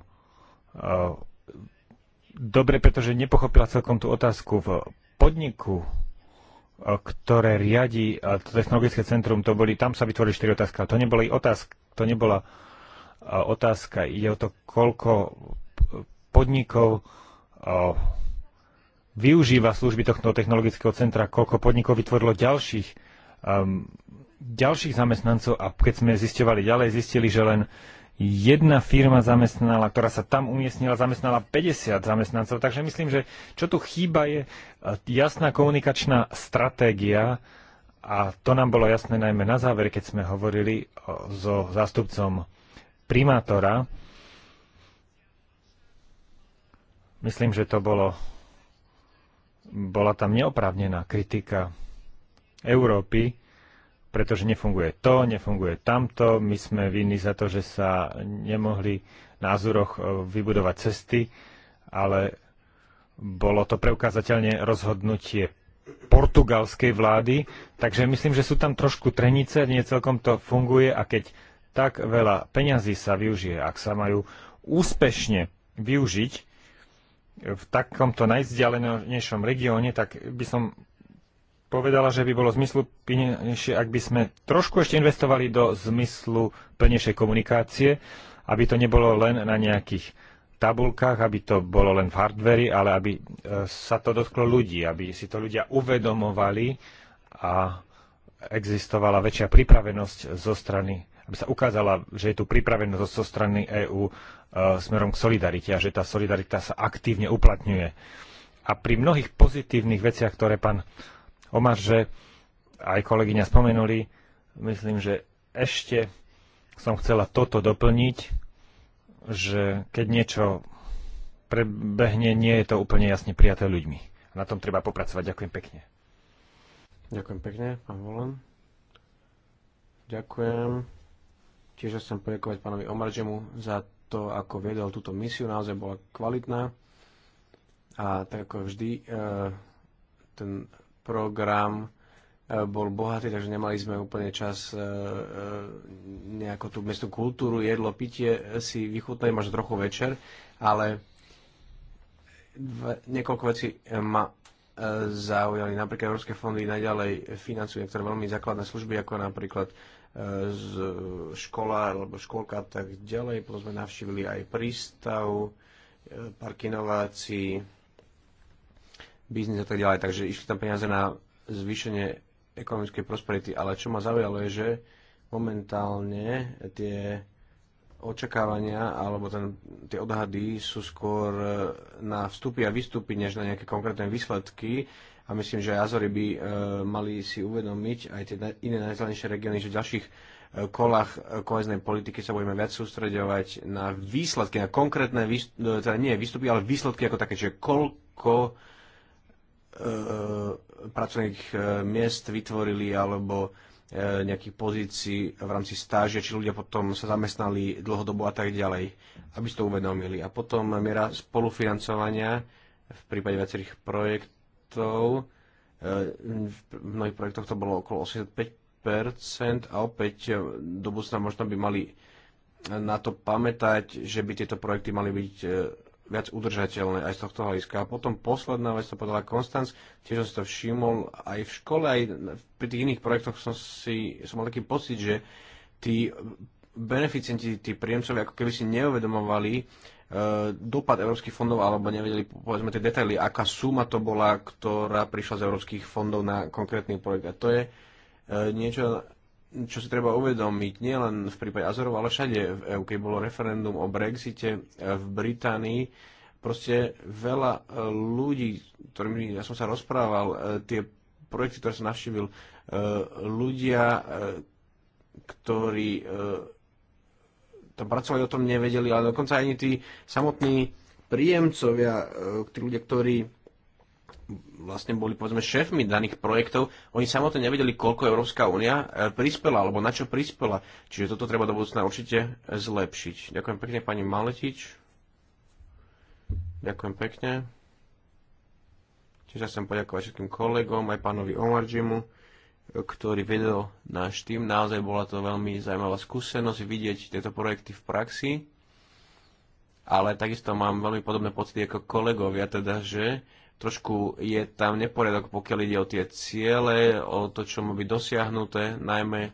dobre, pretože nepochopila celkom tú otázku v podniku, ktoré riadi to technologické centrum, to boli, tam sa vytvorili 4 otázky. To, neboli otázka, to nebola otázka, ide o to, koľko podnikov využíva služby tohto technologického centra, koľko podnikov vytvorilo ďalších um, ďalších zamestnancov a keď sme zistovali ďalej, zistili, že len jedna firma zamestnala, ktorá sa tam umiestnila, zamestnala 50 zamestnancov. Takže myslím, že čo tu chýba je e, jasná komunikačná stratégia a to nám bolo jasné najmä na záver, keď sme hovorili e, so zástupcom primátora. Myslím, že to bolo bola tam neoprávnená kritika Európy, pretože nefunguje to, nefunguje tamto. My sme vinní za to, že sa nemohli na Azuroch e, vybudovať cesty, ale bolo to preukázateľne rozhodnutie portugalskej vlády, takže myslím, že sú tam trošku trenice, nie celkom to funguje a keď tak veľa peňazí sa využije, ak sa majú úspešne využiť v takomto najzdialenejšom regióne, tak by som povedala, že by bolo zmyslu plnejšie, ak by sme trošku ešte investovali do zmyslu plnejšej komunikácie, aby to nebolo len na nejakých tabulkách, aby to bolo len v hardveri, ale aby e, sa to dotklo ľudí, aby si to ľudia uvedomovali a existovala väčšia pripravenosť zo strany, aby sa ukázala, že je tu pripravenosť zo strany EÚ e, smerom k solidarite a že tá solidarita sa aktívne uplatňuje. A pri mnohých pozitívnych veciach, ktoré pán o marže, aj kolegyňa spomenuli, myslím, že ešte som chcela toto doplniť, že keď niečo prebehne, nie je to úplne jasne prijaté ľuďmi. Na tom treba popracovať. Ďakujem pekne. Ďakujem pekne, pán Volan. Ďakujem. Tiež chcem poďakovať pánovi Omaržemu za to, ako viedol túto misiu. Naozaj bola kvalitná. A tak ako vždy, eh, ten program e, bol bohatý, takže nemali sme úplne čas e, e, nejakú tú miestnú kultúru, jedlo, pitie si vychutnať možno trochu večer, ale niekoľko vecí ma zaujali. Napríklad Európske fondy naďalej financujú niektoré veľmi základné služby, ako napríklad z škola alebo školka tak ďalej. Potom sme navštívili aj prístav, parkinovací, biznis a tak ďalej. Takže išli tam peniaze na zvýšenie ekonomickej prosperity. Ale čo ma zaujalo je, že momentálne tie očakávania alebo ten, tie odhady sú skôr e, na vstupy a výstupy, než na nejaké konkrétne výsledky. A myslím, že Azory by e, mali si uvedomiť aj tie iné najzelenejšie regióny, že v ďalších e, kolách e, koheznej politiky sa budeme viac sústredovať na výsledky, na konkrétne, výstupy, e, teda nie výstupy, ale výsledky ako také, že koľko E, e, pracovných e, miest vytvorili alebo nejakých pozícií v rámci stáže, či ľudia potom sa zamestnali dlhodobo a tak ďalej, aby ste to uvedomili. A potom miera spolufinancovania v prípade viacerých projektov. V mnohých projektoch to bolo okolo 85% a opäť do budúcna možno by mali na to pamätať, že by tieto projekty mali byť viac udržateľné aj z tohto hľadiska. A potom posledná vec, to povedala Konstanc, tiež som si to všimol aj v škole, aj pri tých iných projektoch som si som mal taký pocit, že tí beneficienti, tí príjemcovia ako keby si neuvedomovali e, dopad európskych fondov alebo nevedeli povedzme tie detaily, aká suma to bola, ktorá prišla z európskych fondov na konkrétny projekt. A to je e, niečo, čo si treba uvedomiť nielen v prípade Azorov, ale všade v EU, keď bolo referendum o Brexite v Británii, proste veľa e, ľudí, ktorými ja som sa rozprával, e, tie projekty, ktoré som navštívil, e, ľudia, ktorí tam pracovali o tom nevedeli, ale dokonca ani tí samotní príjemcovia, tí ľudia, ktorí vlastne boli povedzme šéfmi daných projektov, oni samotné nevedeli, koľko Európska únia e, prispela alebo na čo prispela. Čiže toto treba do budúcna určite zlepšiť. Ďakujem pekne pani Maletič. Ďakujem pekne. Tiež ja chcem poďakovať všetkým kolegom, aj pánovi Omarjimu, ktorý vedel náš tým. Naozaj bola to veľmi zaujímavá skúsenosť vidieť tieto projekty v praxi. Ale takisto mám veľmi podobné pocity ako kolegovia, teda, že trošku je tam neporiadok, pokiaľ ide o tie ciele, o to, čo má byť dosiahnuté, najmä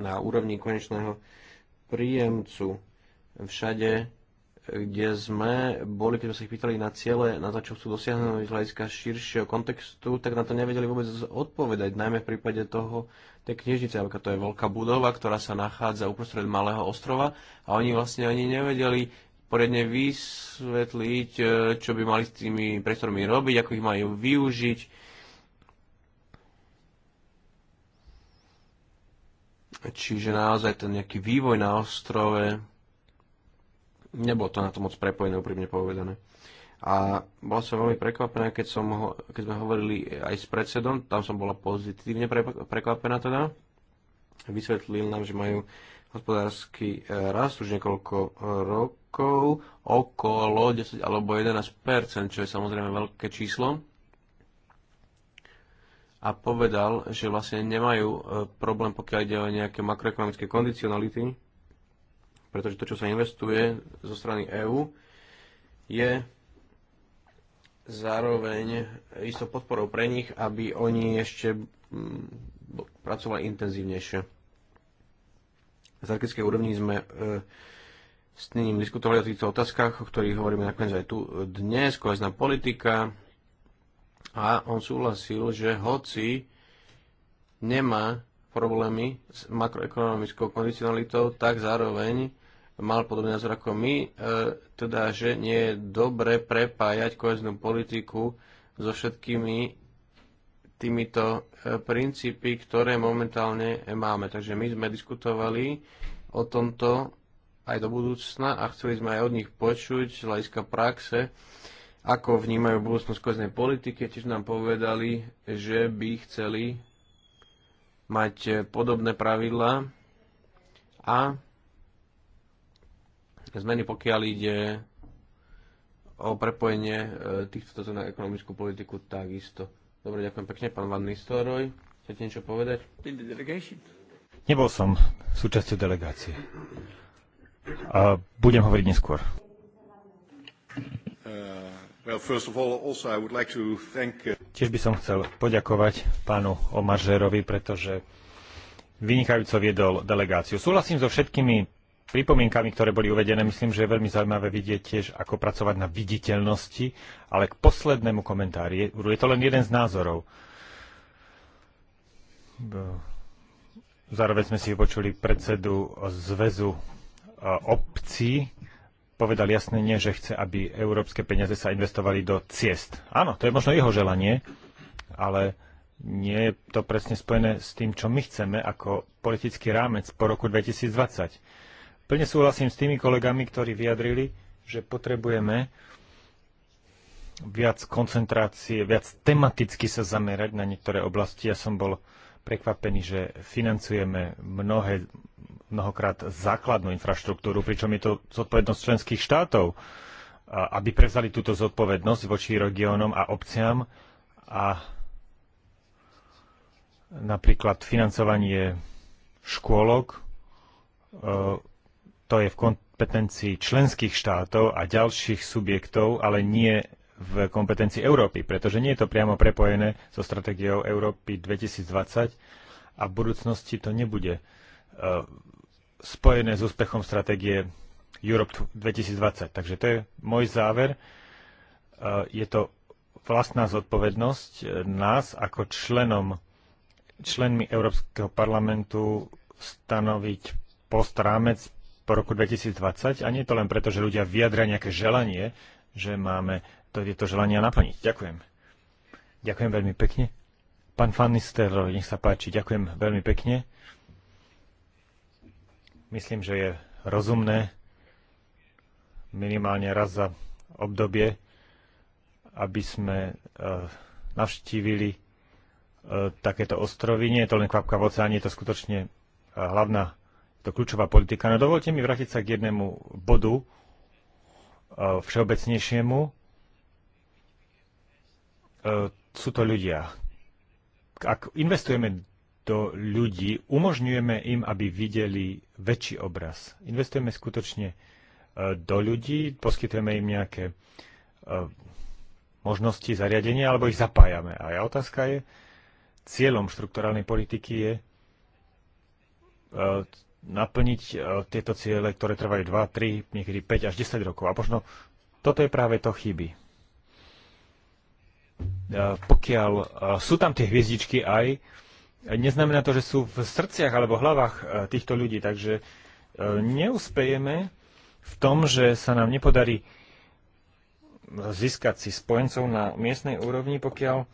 na úrovni konečného príjemcu. Všade, kde sme boli, keď sme sa ich pýtali na ciele, na to, čo chcú dosiahnuť z hľadiska širšieho kontextu, tak na to nevedeli vôbec odpovedať, najmä v prípade toho, tej knižnice, ale to je veľká budova, ktorá sa nachádza uprostred malého ostrova a oni vlastne ani nevedeli, poriadne vysvetliť, e, čo by mali s tými priestormi robiť, ako ich majú využiť. Čiže naozaj ten nejaký vývoj na ostrove, nebolo to na to moc prepojené, úprimne povedané. A bola som veľmi prekvapená, keď, som ho, keď sme hovorili aj s predsedom, tam som bola pozitívne prekvapená teda. Vysvetlil nám, že majú hospodársky e, rast už niekoľko e, rokov okolo 10 alebo 11 čo je samozrejme veľké číslo. A povedal, že vlastne nemajú e, problém, pokiaľ ide o nejaké makroekonomické kondicionality, pretože to, čo sa investuje zo strany EÚ, je zároveň istou podporou pre nich, aby oni ešte pracovali intenzívnejšie strategickej úrovni sme e, s ním diskutovali o týchto otázkach, o ktorých hovoríme nakoniec aj tu dnes, kohezná politika a on súhlasil, že hoci nemá problémy s makroekonomickou kondicionalitou, tak zároveň mal podobný názor ako my, e, teda, že nie je dobre prepájať koheznú politiku so všetkými týmito e, princípy, ktoré momentálne máme. Takže my sme diskutovali o tomto aj do budúcna a chceli sme aj od nich počuť z hľadiska praxe, ako vnímajú budúcnosť koznej politiky. Tiež nám povedali, že by chceli mať e, podobné pravidlá a zmeny, pokiaľ ide o prepojenie e, týchto na ekonomickú politiku takisto. Dobre, ďakujem pekne. Pán Van Nistelrooy, chcete niečo povedať? Nebol som súčasťou delegácie. A budem hovoriť neskôr. Uh, uh, Tiež by som chcel poďakovať pánu Omažerovi, pretože vynikajúco viedol delegáciu. Súhlasím so všetkými pripomienkami, ktoré boli uvedené, myslím, že je veľmi zaujímavé vidieť tiež, ako pracovať na viditeľnosti, ale k poslednému komentári, je to len jeden z názorov. Zároveň sme si vypočuli predsedu zväzu e, obcí, povedal jasne nie, že chce, aby európske peniaze sa investovali do ciest. Áno, to je možno jeho želanie, ale nie je to presne spojené s tým, čo my chceme ako politický rámec po roku 2020 Plne súhlasím s tými kolegami, ktorí vyjadrili, že potrebujeme viac koncentrácie, viac tematicky sa zamerať na niektoré oblasti. Ja som bol prekvapený, že financujeme mnohé, mnohokrát základnú infraštruktúru, pričom je to zodpovednosť členských štátov, aby prevzali túto zodpovednosť voči regiónom a obciam a napríklad financovanie škôlok e, to je v kompetencii členských štátov a ďalších subjektov, ale nie v kompetencii Európy, pretože nie je to priamo prepojené so stratégiou Európy 2020 a v budúcnosti to nebude e, spojené s úspechom stratégie Europe 2020. Takže to je môj záver. E, je to vlastná zodpovednosť e, nás ako členom, členmi Európskeho parlamentu stanoviť post rámec po roku 2020 a nie to len preto, že ľudia vyjadria nejaké želanie, že máme to, tieto želania naplniť. Ďakujem. Ďakujem veľmi pekne. Pán Fannister, nech sa páči, ďakujem veľmi pekne. Myslím, že je rozumné minimálne raz za obdobie, aby sme uh, navštívili e, takéto ostrovy. Nie je to len kvapka v oceáne, je to skutočne e, hlavná to kľúčová politika. No dovolte mi vrátiť sa k jednému bodu e, všeobecnejšiemu. E, sú to ľudia. Ak investujeme do ľudí, umožňujeme im, aby videli väčší obraz. Investujeme skutočne e, do ľudí, poskytujeme im nejaké možnosti zariadenia alebo ich zapájame. A ja otázka je, cieľom štrukturálnej politiky je naplniť e, tieto ciele, ktoré trvajú 2, 3, niekedy 5 až 10 rokov. A možno toto je práve to chyby. E, pokiaľ e, sú tam tie hviezdičky aj, neznamená to, že sú v srdciach alebo hlavách týchto ľudí, takže neúspejeme v tom, že sa nám nepodarí získať si spojencov na miestnej úrovni, pokiaľ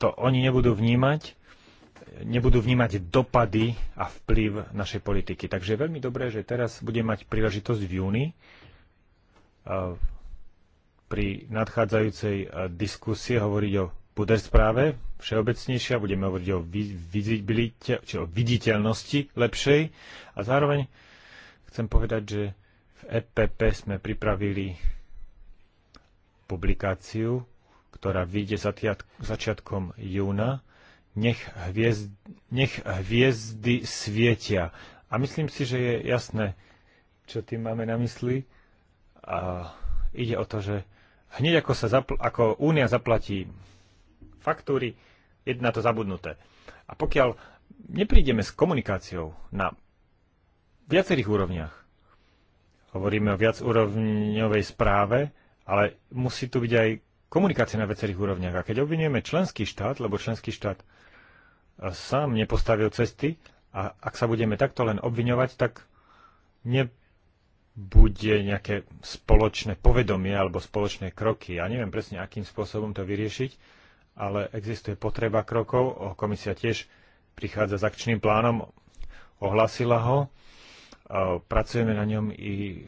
to oni nebudú vnímať nebudú vnímať dopady a vplyv našej politiky. Takže je veľmi dobré, že teraz bude mať príležitosť v júni pri nadchádzajúcej diskusie hovoriť o Buderspráve všeobecnejšia, budeme hovoriť o vizibilite, či o viditeľnosti lepšej a zároveň chcem povedať, že v EPP sme pripravili publikáciu, ktorá vyjde začiatkom júna nech, hviezd, nech hviezdy svietia. A myslím si, že je jasné, čo tým máme na mysli. A ide o to, že hneď ako, sa zapl- ako Únia zaplatí faktúry, je na to zabudnuté. A pokiaľ neprídeme s komunikáciou na viacerých úrovniach, hovoríme o viacúrovňovej správe, ale musí tu byť aj komunikácie na viacerých úrovniach. A keď obvinujeme členský štát, lebo členský štát e, sám nepostavil cesty a ak sa budeme takto len obviňovať, tak nebude nejaké spoločné povedomie alebo spoločné kroky. Ja neviem presne, akým spôsobom to vyriešiť, ale existuje potreba krokov. Komisia tiež prichádza s akčným plánom, ohlasila ho. E, pracujeme na ňom i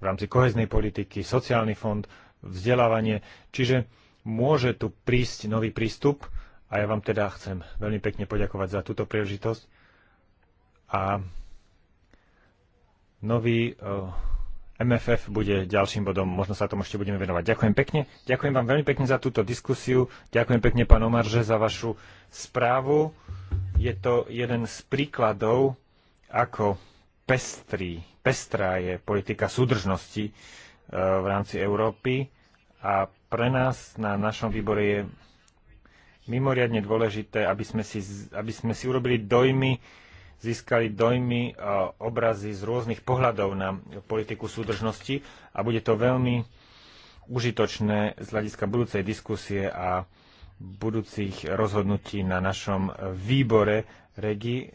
v rámci koheznej politiky, sociálny fond, vzdelávanie. Čiže môže tu prísť nový prístup a ja vám teda chcem veľmi pekne poďakovať za túto príležitosť. A nový eh, MFF bude ďalším bodom, možno sa tomu ešte budeme venovať. Ďakujem pekne. Ďakujem vám veľmi pekne za túto diskusiu. Ďakujem pekne, pán Omarže, za vašu správu. Je to jeden z príkladov, ako pestrý, pestrá je politika súdržnosti v rámci Európy a pre nás na našom výbore je mimoriadne dôležité, aby sme si, aby sme si urobili dojmy, získali dojmy, a e, obrazy z rôznych pohľadov na politiku súdržnosti a bude to veľmi užitočné z hľadiska budúcej diskusie a budúcich rozhodnutí na našom výbore REGI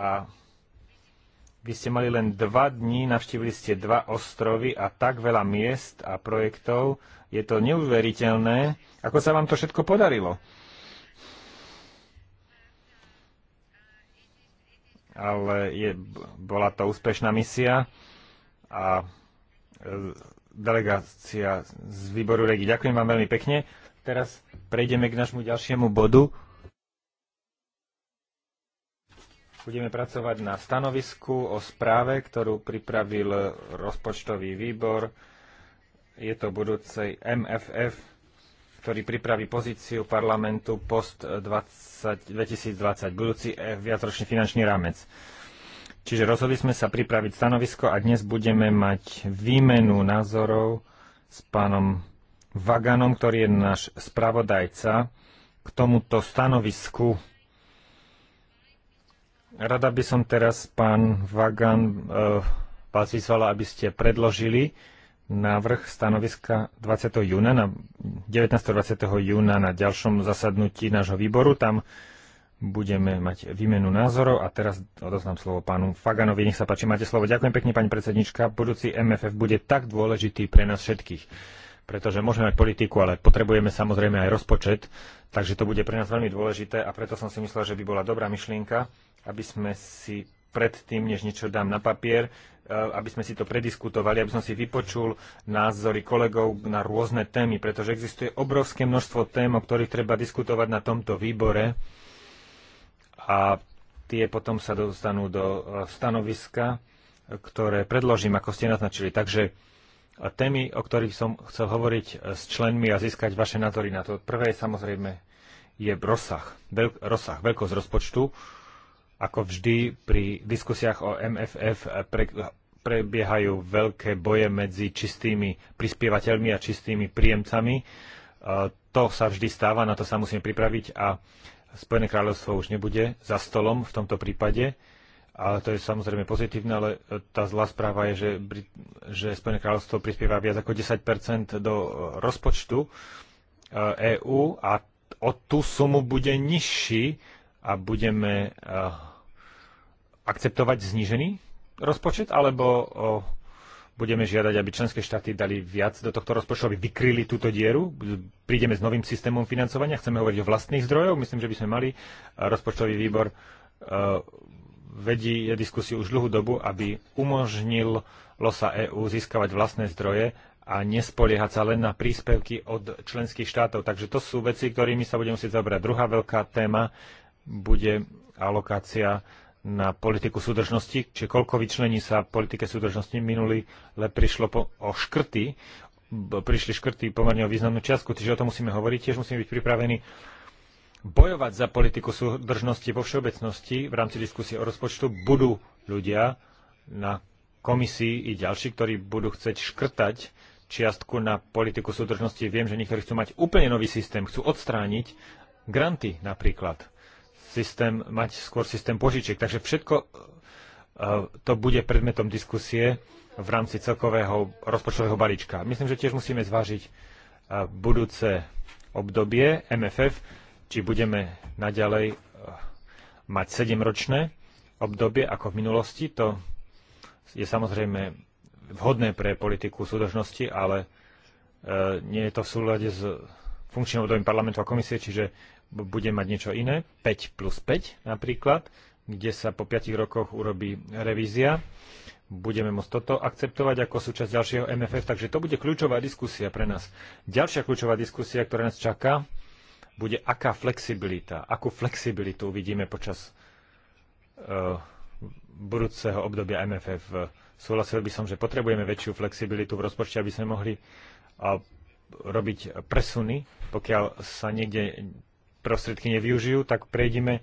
a vy ste mali len dva dní, navštívili ste dva ostrovy a tak veľa miest a projektov. Je to neuveriteľné, ako sa vám to všetko podarilo. Ale je, bola to úspešná misia a e, delegácia z výboru regi. Ďakujem vám veľmi pekne. Teraz prejdeme k našmu ďalšiemu bodu. Budeme pracovať na stanovisku o správe, ktorú pripravil rozpočtový výbor. Je to budúcej MFF, ktorý pripraví pozíciu parlamentu post 20, 2020, budúci eh, viacročný finančný rámec. Čiže rozhodli sme sa pripraviť stanovisko a dnes budeme mať výmenu názorov s pánom Vaganom, ktorý je náš spravodajca k tomuto stanovisku Rada by som teraz, pán Vagan, eh, vás vyzvala, aby ste predložili návrh stanoviska 20. júna, na 19. 20. júna na ďalšom zasadnutí nášho výboru. Tam budeme mať výmenu názorov a teraz odoznám slovo pánu Faganovi. Nech sa páči, máte slovo. Ďakujem pekne, pani predsednička. Budúci MFF bude tak dôležitý pre nás všetkých pretože môžeme mať politiku, ale potrebujeme samozrejme aj rozpočet, takže to bude pre nás veľmi dôležité a preto som si myslel, že by bola dobrá myšlienka, aby sme si predtým, než niečo dám na papier, e, aby sme si to prediskutovali, aby som si vypočul názory kolegov na rôzne témy, pretože existuje obrovské množstvo tém, o ktorých treba diskutovať na tomto výbore a tie potom sa dostanú do e, stanoviska, ktoré predložím, ako ste naznačili. Takže témy, o ktorých som chcel hovoriť e, s členmi a získať vaše názory na to. Prvé samozrejme je rozsah, veľk, rozsah, veľkosť rozpočtu. Ako vždy pri diskusiách o MFF e, pre, prebiehajú veľké boje medzi čistými prispievateľmi a čistými príjemcami. E, to sa vždy stáva, na to sa musíme pripraviť a Spojené kráľovstvo už nebude za stolom v tomto prípade ale to je samozrejme pozitívne, ale tá zlá správa je, že, že Spojené kráľovstvo prispieva viac ako 10 do rozpočtu EÚ eh, e a o tú sumu bude nižší a budeme eh, akceptovať znížený rozpočet, alebo eh, budeme žiadať, aby členské štáty dali viac do tohto rozpočtu, aby vykryli túto dieru. Prídeme s novým systémom financovania, chceme hovoriť o vlastných zdrojoch, myslím, že by sme mali rozpočtový výbor vedí diskusiu už dlhú dobu, aby umožnil losa EÚ získavať vlastné zdroje a nespoliehať sa len na príspevky od členských štátov. Takže to sú veci, ktorými sa budeme musieť zaoberať. Druhá veľká téma bude alokácia na politiku súdržnosti, či koľko vyčlení sa politike súdržnosti minulý le prišlo po, o škrty, prišli škrty pomerne o významnú čiastku, čiže o tom musíme hovoriť, tiež musíme byť pripravení bojovať za politiku súdržnosti vo všeobecnosti v rámci diskusie o rozpočtu budú ľudia na komisii i ďalší, ktorí budú chcieť škrtať čiastku na politiku súdržnosti. Viem, že niektorí chcú mať úplne nový systém, chcú odstrániť granty napríklad, systém, mať skôr systém požičiek. Takže všetko e, to bude predmetom diskusie v rámci celkového rozpočtového balíčka. Myslím, že tiež musíme zvážiť e, budúce obdobie MFF či budeme naďalej eh, mať sedemročné obdobie ako v minulosti. To je samozrejme vhodné pre politiku súdržnosti, ale eh, nie je to v súlade s funkčným obdobím parlamentu a komisie, čiže bude mať niečo iné, 5 plus 5 napríklad, kde sa po 5 rokoch urobí revízia. Budeme môcť toto akceptovať ako súčasť ďalšieho MFF, takže to bude kľúčová diskusia pre nás. Ďalšia kľúčová diskusia, ktorá nás čaká, bude aká flexibilita, akú flexibilitu uvidíme počas uh, budúceho obdobia MFF. Súhlasil by som, že potrebujeme väčšiu flexibilitu v rozpočte, aby sme mohli uh, robiť presuny. Pokiaľ sa niekde prostriedky nevyužijú, tak prejdime,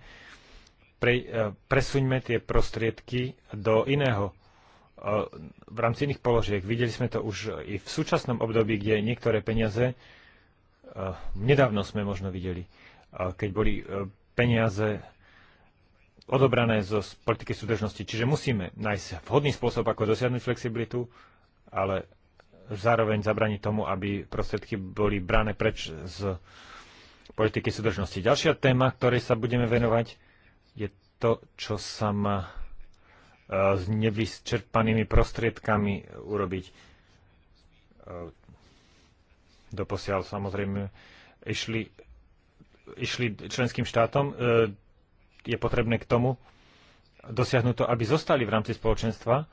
pre, uh, presuňme tie prostriedky do iného v rámci iných položiek. Videli sme to už i v súčasnom období, kde niektoré peniaze Eh, nedávno sme možno videli, eh, keď boli eh, peniaze odobrané zo politiky súdržnosti. Čiže musíme nájsť vhodný spôsob, ako dosiahnuť flexibilitu, ale zároveň zabraniť tomu, aby prostriedky boli brané preč z politiky súdržnosti. Ďalšia téma, ktorej sa budeme venovať, je to, čo sa má s nevysčerpanými prostriedkami urobiť doposiaľ samozrejme išli, išli členským štátom, e, je potrebné k tomu dosiahnuť to, aby zostali v rámci spoločenstva e,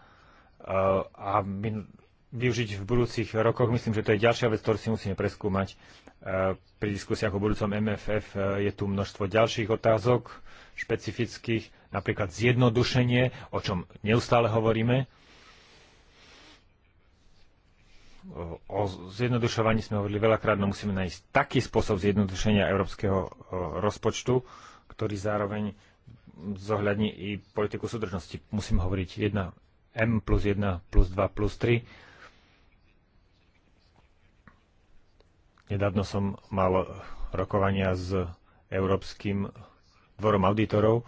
a my využiť v budúcich rokoch. Myslím, že to je ďalšia vec, ktorú si musíme preskúmať e, pri diskusiách o budúcom MFF. Je tu množstvo ďalších otázok špecifických, napríklad zjednodušenie, o čom neustále hovoríme o zjednodušovaní sme hovorili veľakrát, no musíme nájsť taký spôsob zjednodušenia európskeho rozpočtu, ktorý zároveň zohľadní i politiku súdržnosti. Musím hovoriť 1M plus 1 plus 2 plus 3. Nedávno som mal rokovania s Európskym dvorom auditorov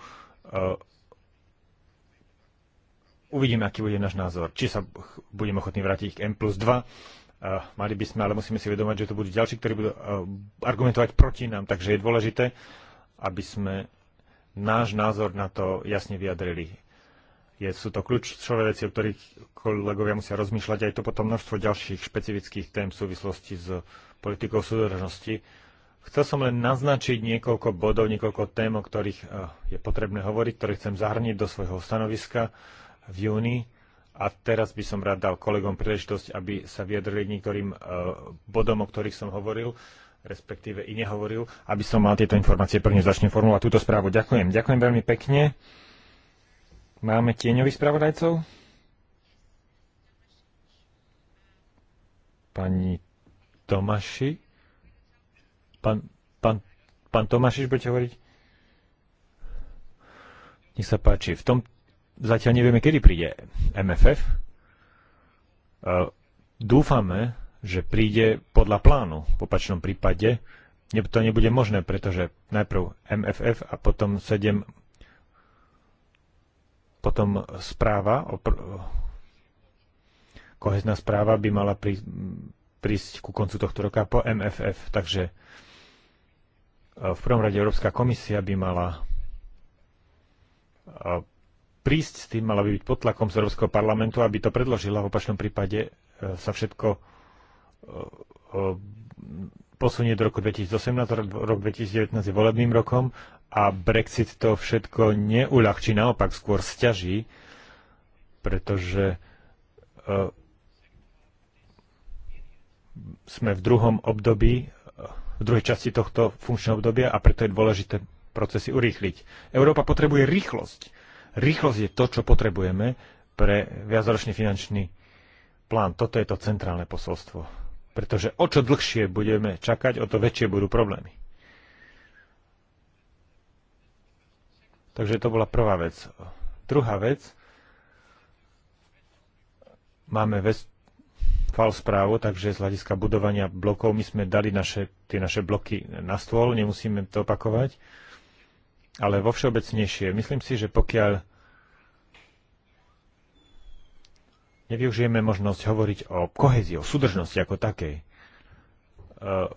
uvidíme, aký bude náš názor. Či sa budeme ochotní vrátiť k M plus 2. Mali by sme, ale musíme si vedomať, že to budú ďalší, ktorí budú argumentovať proti nám. Takže je dôležité, aby sme náš názor na to jasne vyjadrili. Je, sú to kľúčové veci, o ktorých kolegovia musia rozmýšľať. Aj to potom množstvo ďalších špecifických tém v súvislosti s politikou súdržnosti. Chcel som len naznačiť niekoľko bodov, niekoľko tém, o ktorých je potrebné hovoriť, ktoré chcem zahrniť do svojho stanoviska v júni. A teraz by som rád dal kolegom príležitosť, aby sa vyjadrili niektorým e, bodom, o ktorých som hovoril, respektíve i nehovoril, aby som mal tieto informácie, prvne začne formulovať túto správu. Ďakujem. Ďakujem veľmi pekne. Máme tieňových spravodajcov? Pani Tomaši? Pán, pán, pán Tomašiš, budete hovoriť? Nech sa páči. V tom, Zatiaľ nevieme, kedy príde MFF. E, dúfame, že príde podľa plánu. V opačnom prípade to nebude možné, pretože najprv MFF a potom 7 potom správa o pr- kohezná správa by mala prí, prísť ku koncu tohto roka po MFF. Takže e, v prvom rade Európska komisia by mala e, prísť s tým, mala by byť pod tlakom z Európskeho parlamentu, aby to predložila. V opačnom prípade e, sa všetko e, e, posunie do roku 2018, rok 2019 je volebným rokom a Brexit to všetko neuľahčí, naopak skôr stiaží, pretože sme v druhom období, v druhej časti tohto funkčného obdobia a preto je dôležité procesy urýchliť. Európa potrebuje rýchlosť Rýchlosť je to, čo potrebujeme pre viacročný finančný plán. Toto je to centrálne posolstvo. Pretože o čo dlhšie budeme čakať, o to väčšie budú problémy. Takže to bola prvá vec. Druhá vec, máme fal správu, takže z hľadiska budovania blokov my sme dali naše, tie naše bloky na stôl, nemusíme to opakovať ale vo všeobecnejšie. Myslím si, že pokiaľ nevyužijeme možnosť hovoriť o kohezii, o súdržnosti ako takej, e,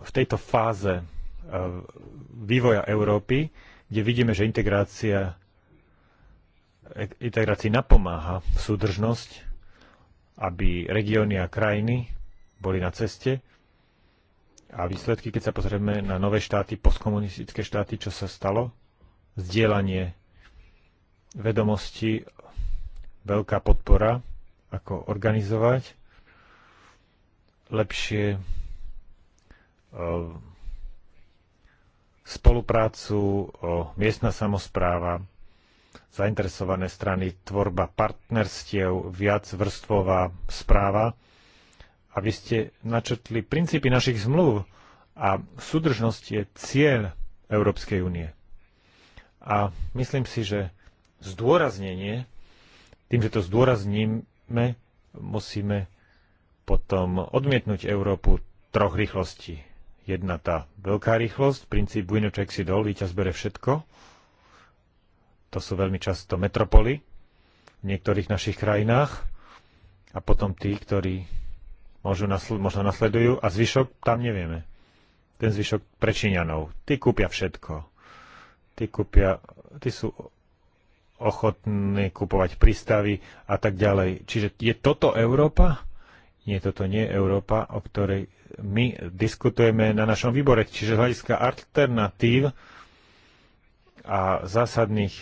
v tejto fáze e, vývoja Európy, kde vidíme, že integrácia integrácii napomáha súdržnosť, aby regióny a krajiny boli na ceste, a výsledky, keď sa pozrieme na nové štáty, postkomunistické štáty, čo sa stalo, zdieľanie vedomostí, veľká podpora, ako organizovať, lepšie e, spoluprácu, e, miestna samozpráva, zainteresované strany, tvorba partnerstiev, viac vrstvová správa. A vy ste načrtli princípy našich zmluv a súdržnosť je cieľ Európskej únie. A myslím si, že zdôraznenie, tým, že to zdôrazníme, musíme potom odmietnúť Európu troch rýchlostí. Jedna tá veľká rýchlosť, princíp Buino si dol víťaz bere všetko. To sú veľmi často metropoly v niektorých našich krajinách. A potom tí, ktorí môžu nasl- možno nasledujú a zvyšok tam nevieme. Ten zvyšok prečíňanov. Tí kúpia všetko tí, kúpia, tí sú ochotní kupovať prístavy a tak ďalej. Čiže je toto Európa? Nie, toto nie je Európa, o ktorej my diskutujeme na našom výbore. Čiže z hľadiska alternatív a zásadných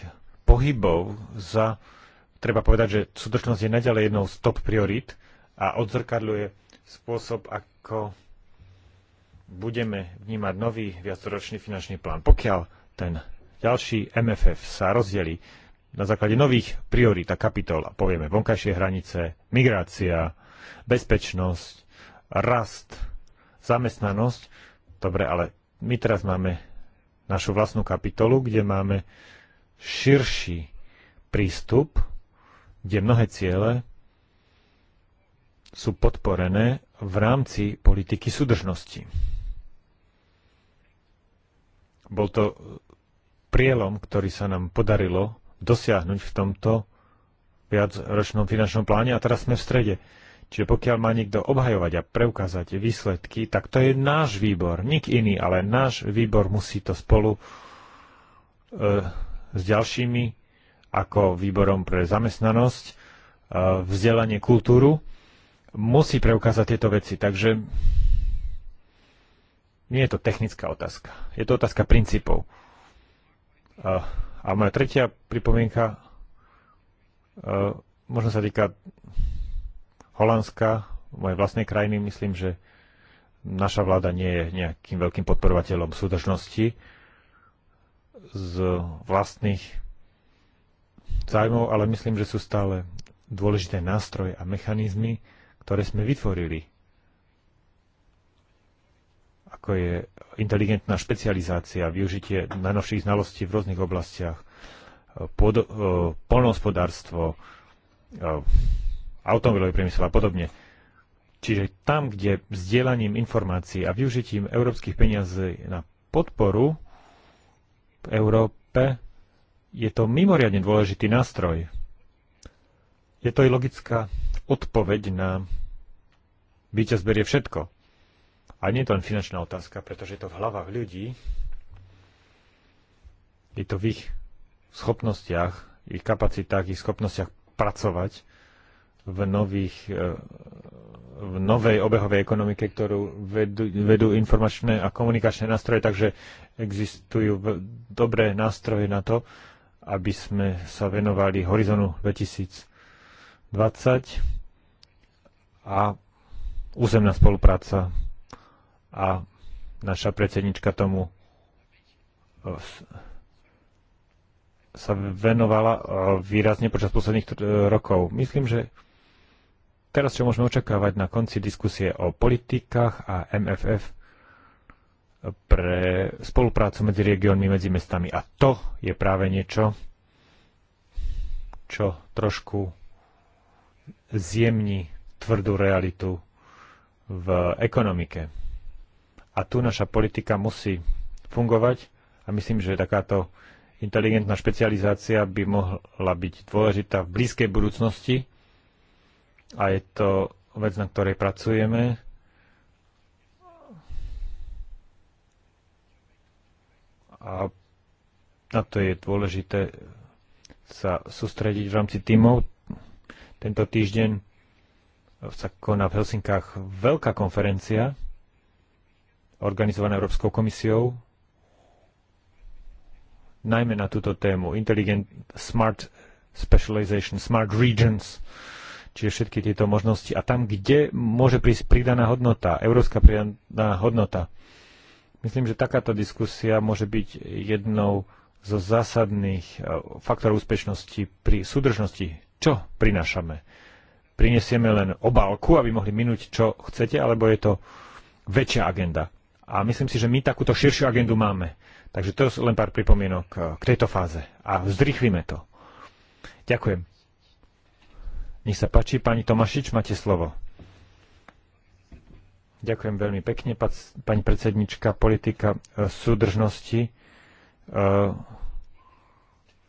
pohybov za, treba povedať, že súdržnosť je naďalej jednou z top priorit a odzrkadľuje spôsob, ako budeme vnímať nový viacročný finančný plán. Pokiaľ ten ďalší MFF sa rozdeli na základe nových priorít a kapitol a povieme vonkajšie hranice, migrácia, bezpečnosť, rast, zamestnanosť. Dobre, ale my teraz máme našu vlastnú kapitolu, kde máme širší prístup, kde mnohé ciele sú podporené v rámci politiky súdržnosti. Bol to prielom, ktorý sa nám podarilo dosiahnuť v tomto viacročnom finančnom pláne a teraz sme v strede. Čiže pokiaľ má niekto obhajovať a preukázať výsledky, tak to je náš výbor, nik iný, ale náš výbor musí to spolu e, s ďalšími, ako výborom pre zamestnanosť, e, vzdelanie, kultúru, musí preukázať tieto veci. Takže nie je to technická otázka, je to otázka princípov. A moja tretia pripomienka e, možno sa týka Holandska, mojej vlastnej krajiny, myslím, že naša vláda nie je nejakým veľkým podporovateľom súdržnosti z vlastných zájmov, ale myslím, že sú stále dôležité nástroje a mechanizmy, ktoré sme vytvorili ako je inteligentná špecializácia, využitie najnovších znalostí v rôznych oblastiach, pod, e, polnohospodárstvo, e, automobilový priemysel a podobne. Čiže tam, kde vzdielaním informácií a využitím európskych peniazí na podporu v Európe je to mimoriadne dôležitý nástroj. Je to i logická odpoveď na víťaz berie všetko. A nie je to len finančná otázka, pretože je to v hlavách ľudí, je to v ich schopnostiach, ich kapacitách, ich schopnostiach pracovať v, nových, e, v novej obehovej ekonomike, ktorú vedú, vedú informačné a komunikačné nástroje, takže existujú dobré nástroje na to, aby sme sa venovali horizonu 2020 a územná spolupráca a naša predsednička tomu e, sa venovala e, výrazne počas posledných e, rokov. Myslím, že teraz, čo môžeme očakávať na konci diskusie o politikách a MFF pre spoluprácu medzi regiónmi, medzi mestami. A to je práve niečo, čo trošku zjemní tvrdú realitu v ekonomike. A tu naša politika musí fungovať a myslím, že takáto inteligentná špecializácia by mohla byť dôležitá v blízkej budúcnosti a je to vec, na ktorej pracujeme. A na to je dôležité sa sústrediť v rámci tímov. Tento týždeň sa koná v Helsinkách veľká konferencia organizovaná Európskou komisiou, najmä na túto tému. Intelligent Smart Specialization, Smart Regions, čiže všetky tieto možnosti. A tam, kde môže prísť pridaná hodnota, európska pridaná hodnota. Myslím, že takáto diskusia môže byť jednou zo zásadných e, faktorov úspešnosti pri súdržnosti. Čo prinášame? Prinesieme len obálku, aby mohli minúť, čo chcete, alebo je to väčšia agenda? A myslím si, že my takúto širšiu agendu máme. Takže to je len pár pripomienok eh, k tejto fáze. A zrýchlime to. Ďakujem. Nech sa páči, pani Tomašič, máte slovo. Ďakujem veľmi pekne, pani predsednička. Politika eh, súdržnosti eh,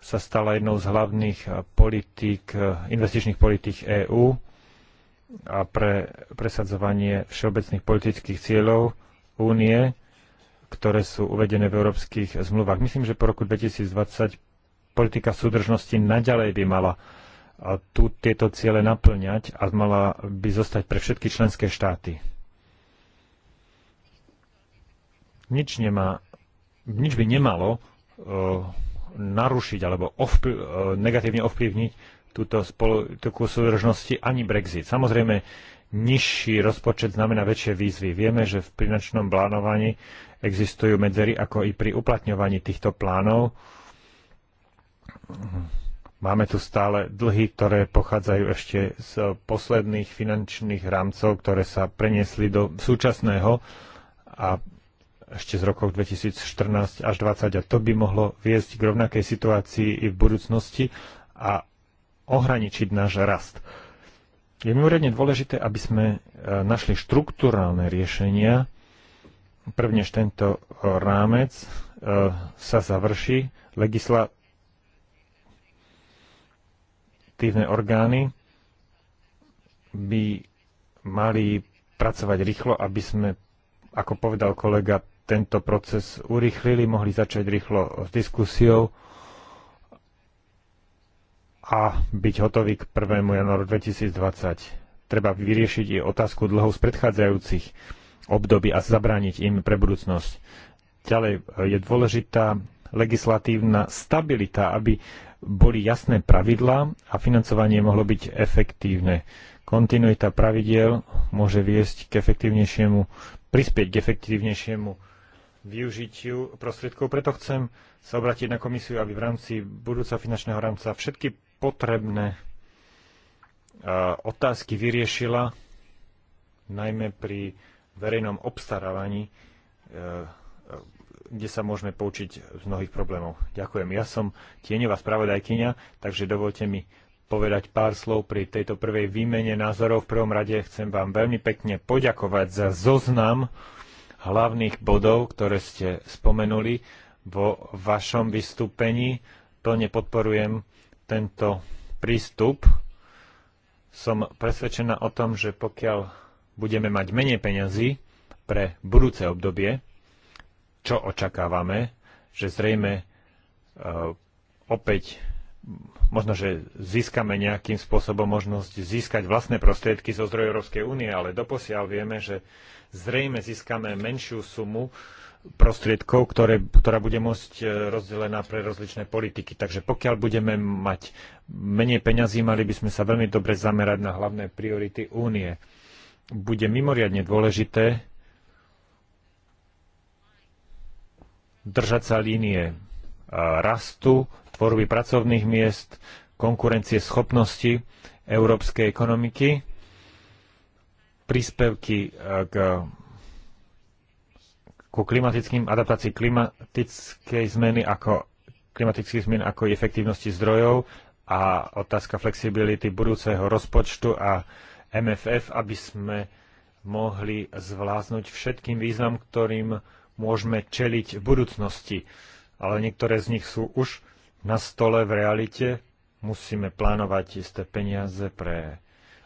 sa stala jednou z hlavných politík, investičných politík EÚ a pre presadzovanie všeobecných politických cieľov únie, ktoré sú uvedené v európskych zmluvách. Myslím, že po roku 2020 politika súdržnosti naďalej by mala tu tieto ciele naplňať a mala by zostať pre všetky členské štáty. Nič, nemá, nič by nemalo uh, narušiť alebo uh, negatívne ovplyvniť túto spolu. súdržnosti ani Brexit. Samozrejme, nižší rozpočet znamená väčšie výzvy. Vieme, že v prínačnom plánovaní existujú medzery, ako i pri uplatňovaní týchto plánov. Máme tu stále dlhy, ktoré pochádzajú ešte z posledných finančných rámcov, ktoré sa preniesli do súčasného a ešte z rokov 2014 až 2020 a to by mohlo viesť k rovnakej situácii i v budúcnosti a ohraničiť náš rast. Je mimoriadne dôležité, aby sme e, našli štruktúrálne riešenia, prvnež tento rámec e, sa završí, legislatívne orgány by mali pracovať rýchlo, aby sme, ako povedal kolega, tento proces urýchlili, mohli začať rýchlo s diskusiou a byť hotový k 1. januáru 2020. Treba vyriešiť i otázku dlhov z predchádzajúcich období a zabrániť im pre budúcnosť. Ďalej e, je dôležitá legislatívna stabilita, aby boli jasné pravidlá a financovanie mohlo byť efektívne. Kontinuita pravidiel môže viesť k efektívnejšiemu, prispieť k efektívnejšiemu využitiu prostriedkov. Preto chcem sa obrátiť na komisiu, aby v rámci budúceho finančného rámca všetky potrebné e, otázky vyriešila, najmä pri verejnom obstarávaní, e, e, kde sa môžeme poučiť z mnohých problémov. Ďakujem. Ja som tieňová spravodajkyňa, takže dovolte mi povedať pár slov pri tejto prvej výmene názorov. V prvom rade chcem vám veľmi pekne poďakovať za zoznam hlavných bodov, ktoré ste spomenuli vo vašom vystúpení. Plne podporujem tento prístup, som presvedčená o tom, že pokiaľ budeme mať menej peňazí pre budúce obdobie, čo očakávame, že zrejme uh, opäť možno, že získame nejakým spôsobom možnosť získať vlastné prostriedky zo zdrojov Európskej únie, ale doposiaľ vieme, že zrejme získame menšiu sumu prostriedkov, ktoré, ktorá bude môcť e, rozdelená pre rozličné politiky. Takže pokiaľ budeme mať menej peňazí, mali by sme sa veľmi dobre zamerať na hlavné priority únie. Bude mimoriadne dôležité držať sa línie e, rastu, tvorby pracovných miest, konkurencie schopnosti európskej ekonomiky, príspevky e, k ku klimatickým adaptácii klimatickej zmeny ako klimatických zmien ako efektívnosti zdrojov a otázka flexibility budúceho rozpočtu a MFF, aby sme mohli zvláznuť všetkým význam, ktorým môžeme čeliť v budúcnosti. Ale niektoré z nich sú už na stole v realite. Musíme plánovať isté peniaze pre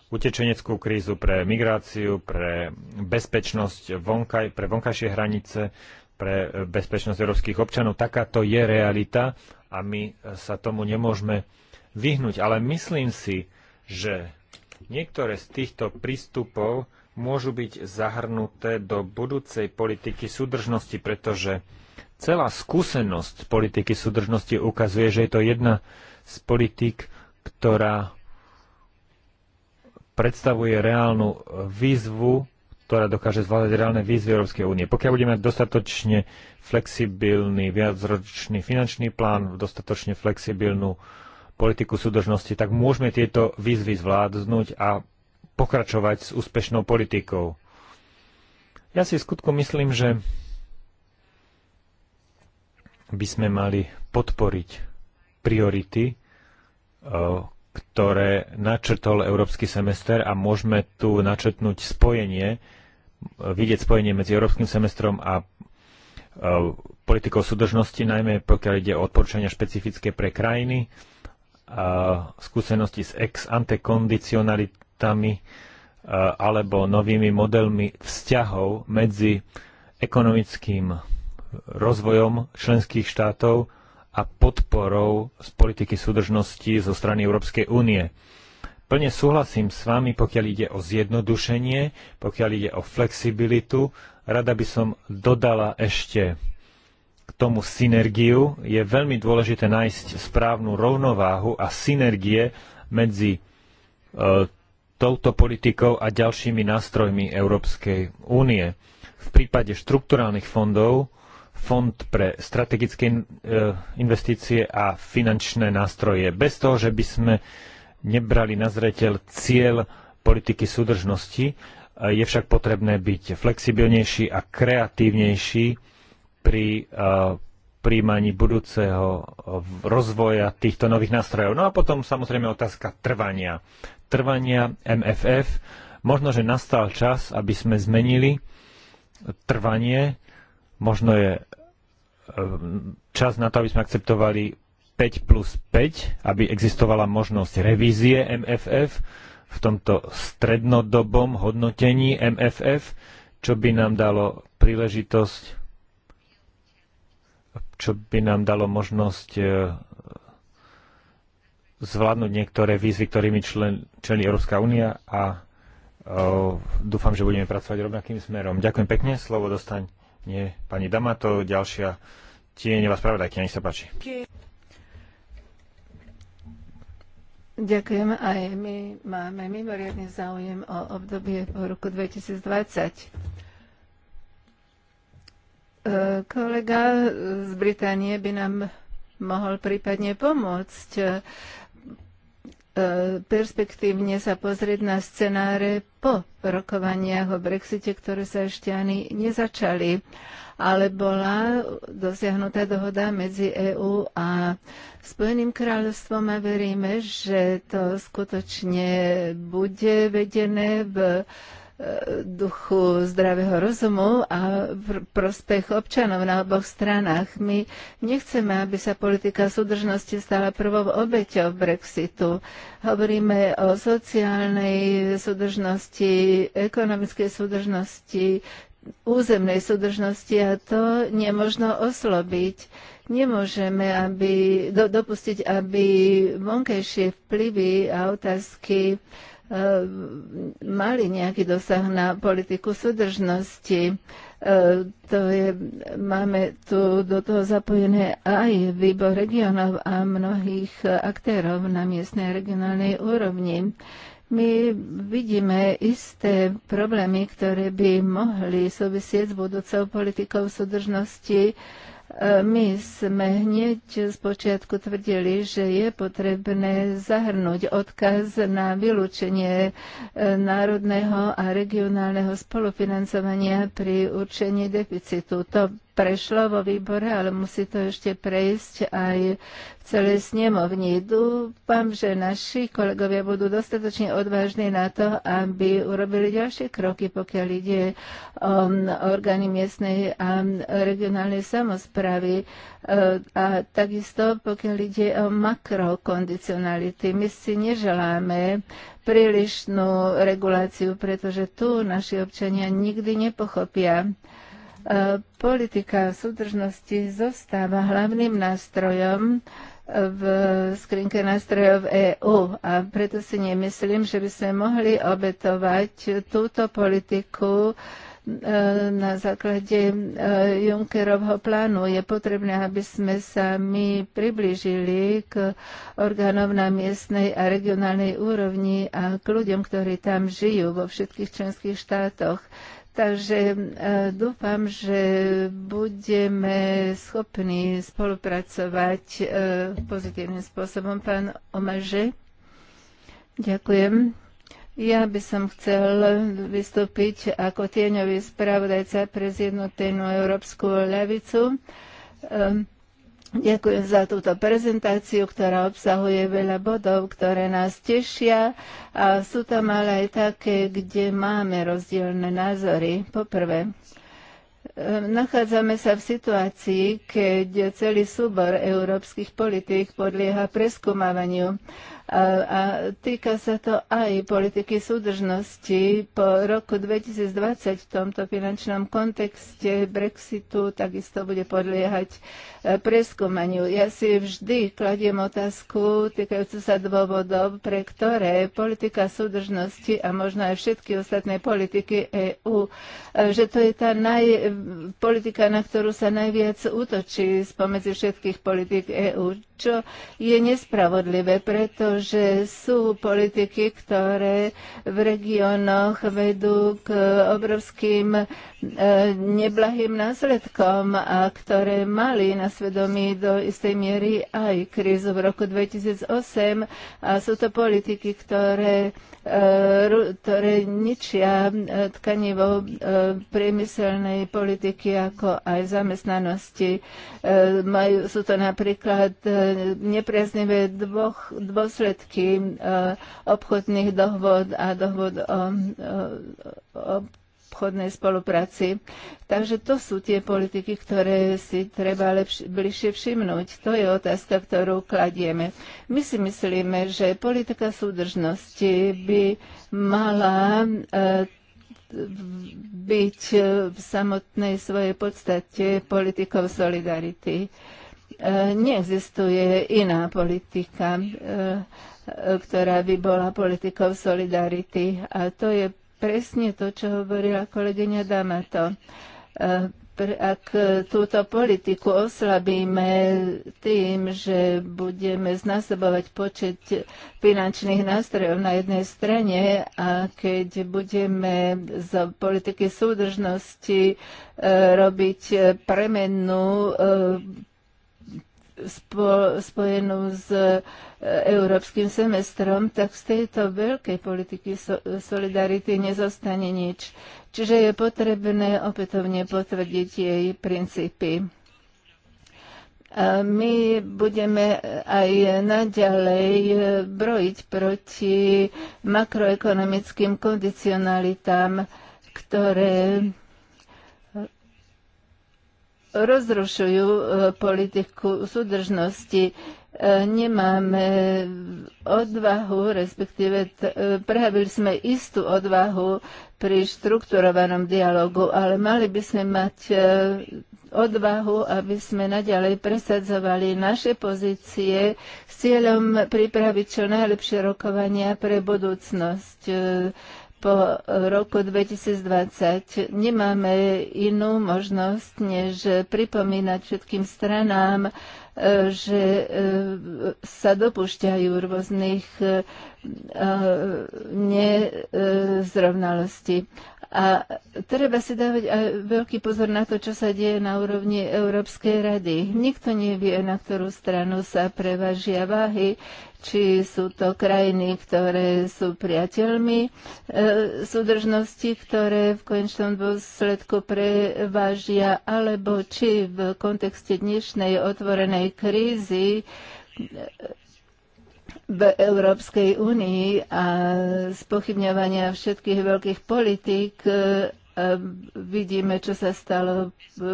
utečeneckú krízu, pre migráciu, pre bezpečnosť vonkaj, pre vonkajšie hranice, pre e, bezpečnosť európskych občanov. Takáto je realita a my e, sa tomu nemôžeme vyhnúť. Ale myslím si, že niektoré z týchto prístupov môžu byť zahrnuté do budúcej politiky súdržnosti, pretože celá skúsenosť politiky súdržnosti ukazuje, že je to jedna z politik, ktorá predstavuje reálnu e, výzvu, ktorá dokáže zvládať reálne výzvy Európskej únie. Pokiaľ budeme mať dostatočne flexibilný viacročný finančný plán, dostatočne flexibilnú politiku súdržnosti, tak môžeme tieto výzvy zvládnuť a pokračovať s úspešnou politikou. Ja si skutku myslím, že by sme mali podporiť priority, e, ktoré načrtol Európsky semester a môžeme tu načrtnúť spojenie, vidieť spojenie medzi Európskym semestrom a e, politikou súdržnosti, najmä pokiaľ ide o odporúčania špecifické pre krajiny, a e, skúsenosti s ex ante kondicionalitami e, alebo novými modelmi vzťahov medzi ekonomickým rozvojom členských štátov a podporou z politiky súdržnosti zo strany Európskej únie. Plne súhlasím s vami, pokiaľ ide o zjednodušenie, pokiaľ ide o flexibilitu. Rada by som dodala ešte k tomu synergiu. Je veľmi dôležité nájsť správnu rovnováhu a synergie medzi e, touto politikou a ďalšími nástrojmi Európskej únie. V prípade štrukturálnych fondov fond pre strategické eh, investície a finančné nástroje, bez toho, že by sme nebrali na zreteľ cieľ politiky súdržnosti. Eh, je však potrebné byť flexibilnejší a kreatívnejší pri eh, príjmaní budúceho rozvoja týchto nových nástrojov. No a potom samozrejme otázka trvania. Trvania MFF. Možno, že nastal čas, aby sme zmenili trvanie. Možno je Ehm, čas na to, aby sme akceptovali 5 plus 5, aby existovala možnosť revízie MFF v tomto strednodobom hodnotení MFF, čo by nám dalo príležitosť, čo by nám dalo možnosť e, zvládnuť niektoré výzvy, ktorými člen, člení Európska únia a e, dúfam, že budeme pracovať rovnakým smerom. Ďakujem pekne, slovo dostaň nie, pani Damato, ďalšia vás spravodajkyňa, nech sa páči. Ďakujem. Aj my máme mimoriadný záujem o obdobie po roku 2020. E, kolega z Británie by nám mohol prípadne pomôcť E, perspektívne sa pozrieť na scenáre po rokovaniach o Brexite, ktoré sa ešte ani nezačali. Ale bola dosiahnutá dohoda medzi EÚ a Spojeným kráľovstvom a veríme, že to skutočne bude vedené v duchu zdravého rozumu a pr- prospech občanov na oboch stranách. My nechceme, aby sa politika súdržnosti stala prvou obeťou Brexitu. Hovoríme o sociálnej súdržnosti, ekonomickej súdržnosti, územnej súdržnosti a to nemožno oslobiť. Nemôžeme aby, do, dopustiť, aby vonkajšie vplyvy a otázky E, mali nejaký dosah na politiku súdržnosti. E, to je, máme tu do toho zapojené aj výbor regionov a mnohých aktérov na miestnej regionálnej úrovni. My vidíme isté problémy, ktoré by mohli súvisieť s budúcou politikou súdržnosti my sme hneď z počiatku tvrdili, že je potrebné zahrnúť odkaz na vylúčenie e, národného a regionálneho spolufinancovania pri určení deficitu. To prešlo vo výbore, ale musí to ešte prejsť aj v celej snemovni. Dúfam, že naši kolegovia budú dostatočne odvážni na to, aby urobili ďalšie kroky, pokiaľ ide o orgány miestnej a regionálnej samozpravy e, a takisto pokiaľ ide o makrokondicionality. My si neželáme prílišnú reguláciu, pretože tu naši občania nikdy nepochopia E, politika súdržnosti zostáva hlavným nástrojom e, v skrinke nástrojov EÚ a preto si nemyslím, že by sme mohli obetovať túto politiku e, na základe Junckerovho plánu. Je potrebné, aby sme sa my priblížili k orgánom na miestnej a regionálnej úrovni a k ľuďom, ktorí tam žijú vo všetkých členských štátoch. Takže e, dúfam, že budeme schopní spolupracovať e, pozitívnym spôsobom. Pán Omaže, ďakujem. Ja by som chcel vystúpiť ako tieňový spravodajca pre zjednotenú európsku ľavicu. Um, Ďakujem za túto prezentáciu, ktorá obsahuje veľa bodov, ktoré nás tešia a sú tam ale aj také, kde máme rozdielne názory. Poprvé, e, nachádzame sa v situácii, keď celý súbor európskych politík podlieha preskúmavaniu a týka sa to aj politiky súdržnosti. Po roku 2020 v tomto finančnom kontexte Brexitu takisto bude podliehať e, preskúmaniu. Ja si vždy kladiem otázku týkajúcu sa dôvodov, pre ktoré politika súdržnosti a možno aj všetky ostatné politiky EÚ, e, že to je tá naj, politika, na ktorú sa najviac útočí spomedzi všetkých politik EÚ čo je nespravodlivé, pretože sú politiky, ktoré v regiónoch vedú k obrovským e, neblahým následkom a ktoré mali na svedomí do istej miery aj krízu v roku 2008 a sú to politiky, ktoré E, ktoré ničia e, tkanivo e, priemyselnej politiky ako aj zamestnanosti. Majú, sú to napríklad nepriaznivé dvoch, dôsledky obchodných dohôd a dohôd o, o, o obchodnej spolupráci. Takže to sú tie politiky, ktoré si treba lepš- bližšie všimnúť. To je otázka, ktorú kladieme. My si myslíme, že politika súdržnosti by mala e, byť v samotnej svojej podstate politikou solidarity. E, neexistuje iná politika. E, e ktorá by bola politikou solidarity. A to je presne to, čo hovorila kolegyňa Damato. E, ak túto politiku oslabíme tým, že budeme znasobovať počet finančných nástrojov na jednej strane a keď budeme z politiky súdržnosti e, robiť premennú e, spo, spojenú s e, európskym semestrom, tak z tejto veľkej politiky so, solidarity nezostane nič. Čiže je potrebné opätovne potvrdiť jej princípy. A my budeme aj naďalej e, brojiť proti makroekonomickým kondicionalitám, ktoré rozrušujú e, politiku súdržnosti. E, nemáme odvahu, respektíve e, prehavili sme istú odvahu pri štrukturovanom dialogu, ale mali by sme mať odvahu, aby sme naďalej presadzovali naše pozície s cieľom pripraviť čo najlepšie rokovania pre budúcnosť po roku 2020. Nemáme inú možnosť, než pripomínať všetkým stranám, e, že e, sa dopušťajú rôznych e, nezrovnalostí. A treba si dávať aj veľký pozor na to, čo sa deje na úrovni Európskej rady. Nikto nevie, na ktorú stranu sa prevažia váhy, či sú to krajiny, ktoré sú priateľmi e, súdržnosti, ktoré v konečnom dôsledku prevážia, alebo či v kontexte dnešnej otvorenej krízy e, v Európskej únii a spochybňovania všetkých veľkých politík e, vidíme, čo sa stalo E,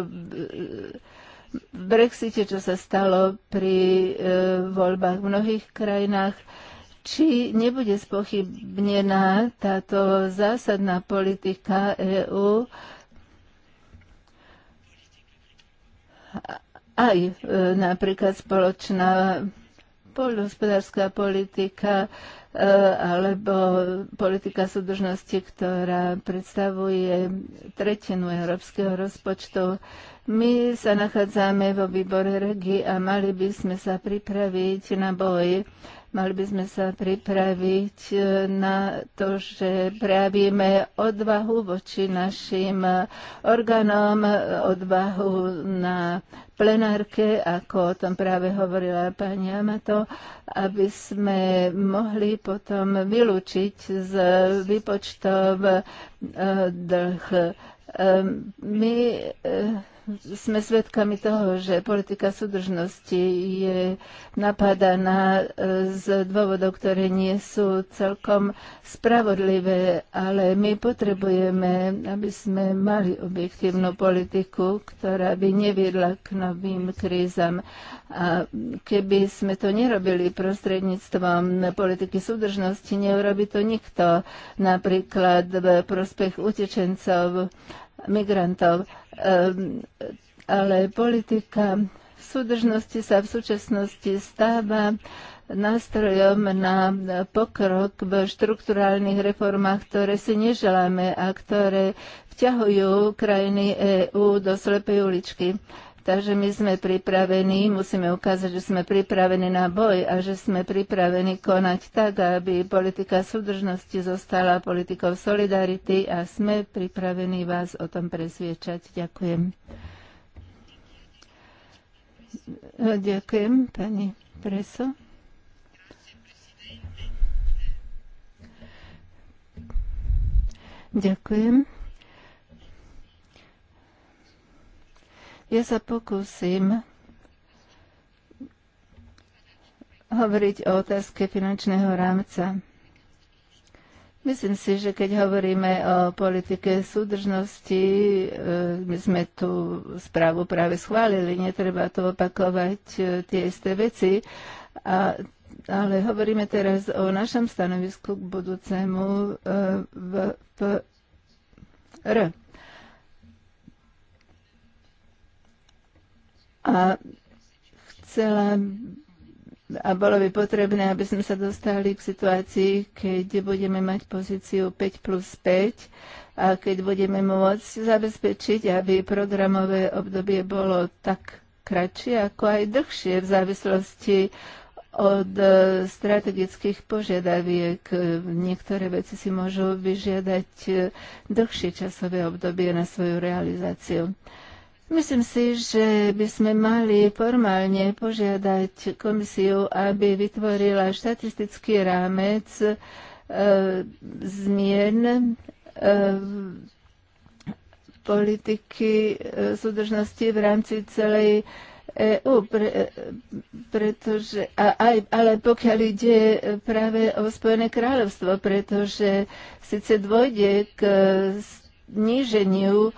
v Brexite, čo sa stalo pri e, voľbách v mnohých krajinách, či nebude spochybnená táto zásadná politika EÚ aj e, napríklad spoločná poľnohospodárska politika e, alebo politika súdržnosti, ktorá predstavuje tretinu európskeho rozpočtu. E, my sa nachádzame vo výbore regi a mali by sme sa pripraviť na boj. Mali by sme sa pripraviť e, na to, že prejavíme odvahu voči našim orgánom, odvahu na plenárke, ako o tom práve hovorila pani Amato, aby sme mohli potom vylúčiť z výpočtov e, dlh. E, my sme svedkami toho, že politika súdržnosti je napadaná e, z dôvodov, ktoré nie sú celkom spravodlivé, ale my potrebujeme, aby sme mali objektívnu politiku, ktorá by neviedla k novým krízam. A keby sme to nerobili prostredníctvom politiky súdržnosti, neurobi to nikto, napríklad v prospech utečencov migrantov. Ehm, ale politika súdržnosti sa v súčasnosti stáva nástrojom na pokrok v štrukturálnych reformách, ktoré si neželáme a ktoré vťahujú krajiny EÚ do slepej uličky. Takže my sme pripravení, musíme ukázať, že sme pripravení na boj a že sme pripravení konať tak, aby politika súdržnosti zostala politikou solidarity a sme pripravení vás o tom presviečať. Ďakujem. No, ďakujem, pani Preso. Ďakujem. Ja sa pokúsim hovoriť o otázke finančného rámca. Myslím si, že keď hovoríme o politike súdržnosti, eh, my sme tú správu práve schválili, netreba to opakovať eh, tie isté veci, a, ale hovoríme teraz o našom stanovisku k budúcemu eh, v, v R. A chcela a bolo by potrebné, aby sme sa dostali k situácii, keď budeme mať pozíciu 5 plus 5 a keď budeme môcť zabezpečiť, aby programové obdobie bolo tak kratšie, ako aj dlhšie v závislosti od e, strategických požiadaviek. Niektoré veci si môžu vyžiadať e, dlhšie časové obdobie na svoju realizáciu. Myslím si, že by sme mali formálne požiadať komisiu, aby vytvorila štatistický rámec e, zmien e, politiky e, súdržnosti v rámci celej EU, pre, e, pretože, a aj, ale pokiaľ ide práve o Spojené kráľovstvo, pretože síce dôjde k zníženiu e,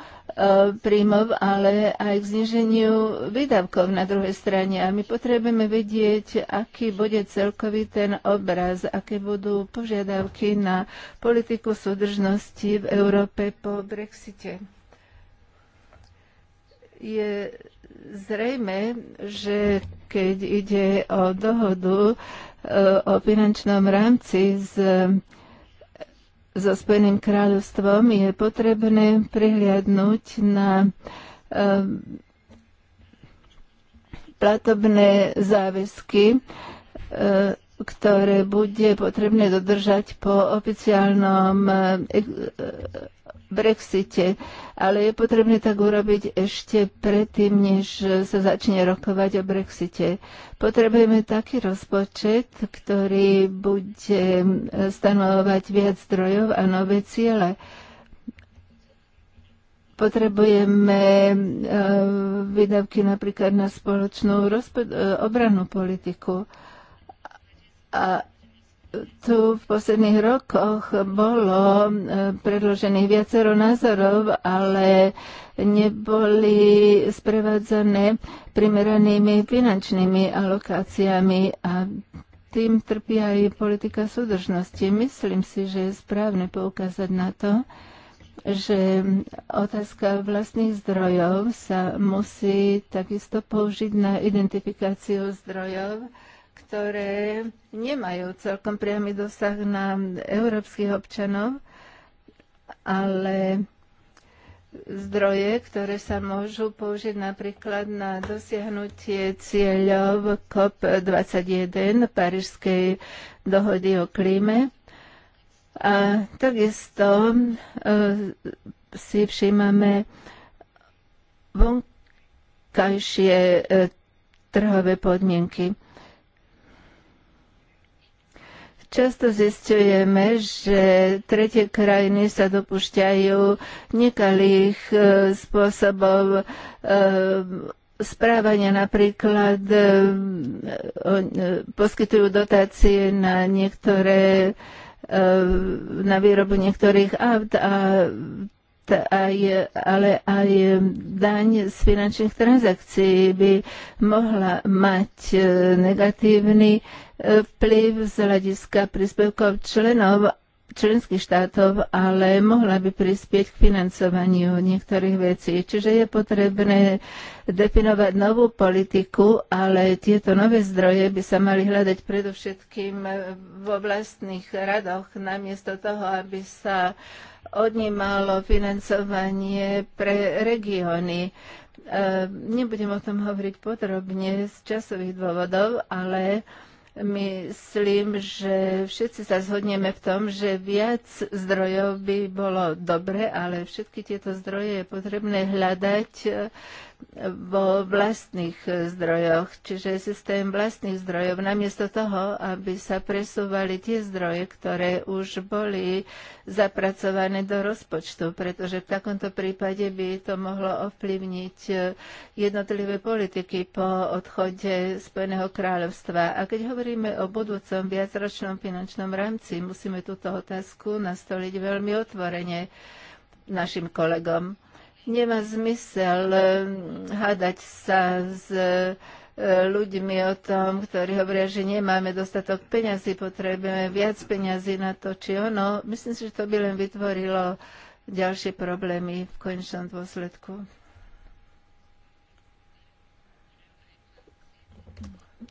príjmov, ale aj k zniženiu výdavkov na druhej strane. A my potrebujeme vedieť, aký bude celkový ten obraz, aké budú požiadavky na politiku súdržnosti v Európe po Brexite. Je zrejme, že keď ide o dohodu e, o finančnom rámci z so Spojeným kráľovstvom, je potrebné prihliadnúť na eh, platobné záväzky, eh, ktoré bude potrebné dodržať po oficiálnom eh, Brexite, ale je potrebné tak urobiť ešte predtým, než sa začne rokovať o Brexite. Potrebujeme taký rozpočet, ktorý bude stanovovať viac zdrojov a nové ciele. Potrebujeme eh, výdavky napríklad na spoločnú eh, obranú politiku. A tu v posledných rokoch bolo e, predložených viacero názorov, ale neboli sprevádzané primeranými finančnými alokáciami a tým trpí aj politika súdržnosti. Myslím si, že je správne poukázať na to, že otázka vlastných zdrojov sa musí takisto použiť na identifikáciu zdrojov, ktoré nemajú celkom priamy dosah na európskych občanov, ale zdroje, ktoré sa môžu použiť napríklad na dosiahnutie cieľov COP21 Parížskej dohody o klíme. A takisto e, si všímame vonkajšie e, trhové podmienky. Často zistujeme, že tretie krajiny sa dopúšťajú nekalých e, spôsobov e, správania napríklad e, poskytujú dotácie na niektoré na výrobu niektorých aut a aj, ale aj daň z finančných transakcií by mohla mať e, negatívny e, vplyv z hľadiska príspevkov členov členských štátov, ale mohla by prispieť k financovaniu niektorých vecí. Čiže je potrebné definovať novú politiku, ale tieto nové zdroje by sa mali hľadať predovšetkým vo vlastných radoch, namiesto toho, aby sa odnímalo financovanie pre regióny. E, nebudem o tom hovoriť podrobne z časových dôvodov, ale myslím, že všetci sa zhodneme v tom, že viac zdrojov by bolo dobre, ale všetky tieto zdroje je potrebné hľadať vo vlastných zdrojoch. Čiže systém vlastných zdrojov, namiesto toho, aby sa presúvali tie zdroje, ktoré už boli zapracované do rozpočtu, pretože v takomto prípade by to mohlo ovplyvniť e, jednotlivé politiky po odchode Spojeného kráľovstva. A keď hovoríme o budúcom viacročnom finančnom rámci, musíme túto otázku nastoliť veľmi otvorene našim kolegom Nemá zmysel eh, hádať sa s eh, ľuďmi o tom, ktorí hovoria, že nemáme dostatok peňazí, potrebujeme viac peňazí na to, či ono. Myslím si, že to by len vytvorilo ďalšie problémy v konečnom dôsledku.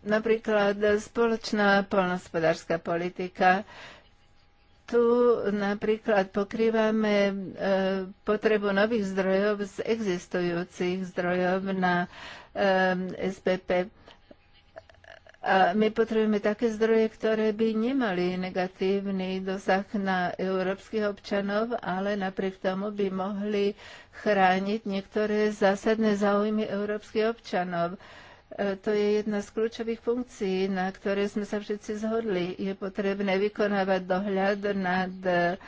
Napríklad spoločná polnospodárska politika tu napríklad pokrývame e, potrebu nových zdrojov z existujúcich zdrojov na e, SPP. A my potrebujeme také zdroje, ktoré by nemali negatívny dosah na európskych občanov, ale napriek tomu by mohli chrániť niektoré zásadné záujmy európskych občanov. E, to je jedna z kľúčových funkcií, na ktoré sme sa všetci zhodli. Je potrebné vykonávať dohľad nad e,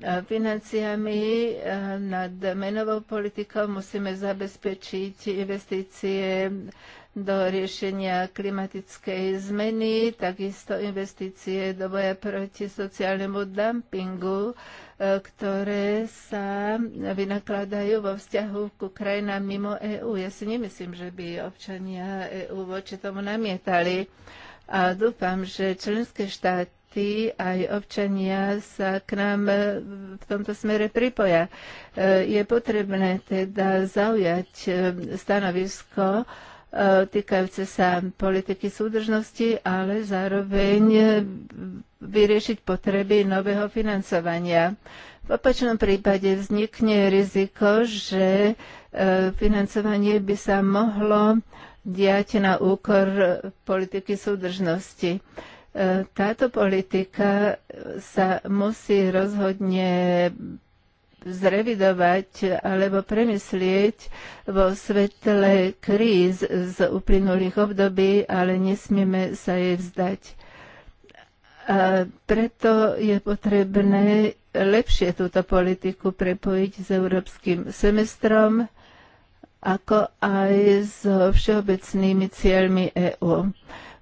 financiami, e, nad menovou politikou. Musíme zabezpečiť investície do riešenia klimatickej zmeny, takisto investície do boja proti sociálnemu dumpingu, e, ktoré sa vynakladajú vo vzťahu ku krajinám mimo EÚ. Ja si nemyslím, že by občania EÚ voči tomu namietali a dúfam, že členské štáty aj občania sa k nám v tomto smere pripoja. E, je potrebné teda zaujať e, stanovisko E, týkajúce sa politiky súdržnosti, ale zároveň e, vyriešiť potreby nového financovania. V opačnom prípade vznikne riziko, že e, financovanie by sa mohlo diať na úkor politiky súdržnosti. Táto politika sa musí rozhodne zrevidovať alebo premyslieť vo svetle kríz z uplynulých období, ale nesmieme sa jej vzdať. A preto je potrebné lepšie túto politiku prepojiť s európskym semestrom, ako aj so všeobecnými cieľmi EÚ.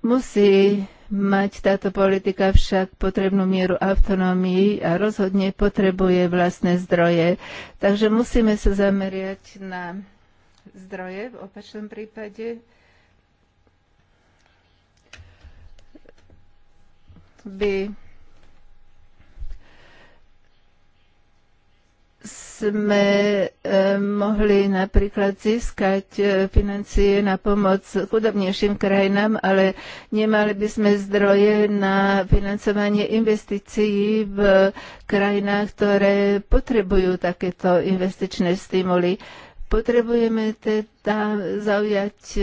Musí mať táto politika však potrebnú mieru autonómii a rozhodne potrebuje vlastné zdroje. Takže musíme sa zameriať na zdroje v opačnom prípade. by sme e, mohli napríklad získať e, financie na pomoc chudobnejším krajinám, ale nemali by sme zdroje na financovanie investícií v krajinách, ktoré potrebujú takéto investičné stimuly. Potrebujeme teda zaujať, e,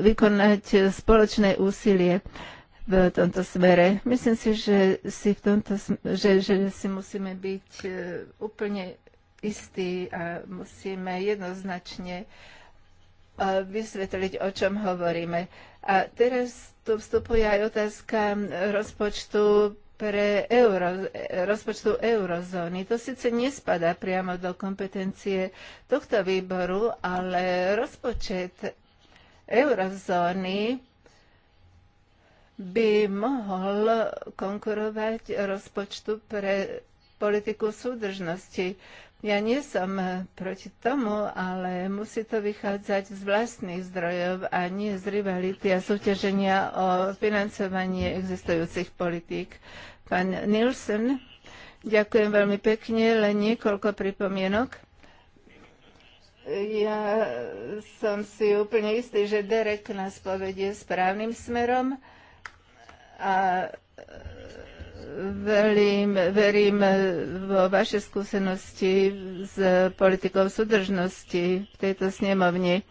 vykonať spoločné úsilie v tomto smere. Myslím si, že si, v tomto, že, že si musíme byť e, úplne istí a musíme jednoznačne e, vysvetliť, o čom hovoríme. A teraz tu vstupuje aj otázka rozpočtu pre euro, rozpočtu eurozóny. To síce nespadá priamo do kompetencie tohto výboru, ale rozpočet eurozóny by mohol konkurovať rozpočtu pre politiku súdržnosti. Ja nie som proti tomu, ale musí to vychádzať z vlastných zdrojov a nie z rivality a súťaženia o financovanie existujúcich politík. Pán Nielsen, ďakujem veľmi pekne, len niekoľko pripomienok. Ja som si úplne istý, že Derek nás povedie správnym smerom a e, verím, verím vo vaše skúsenosti s politikou súdržnosti v tejto snemovni. E,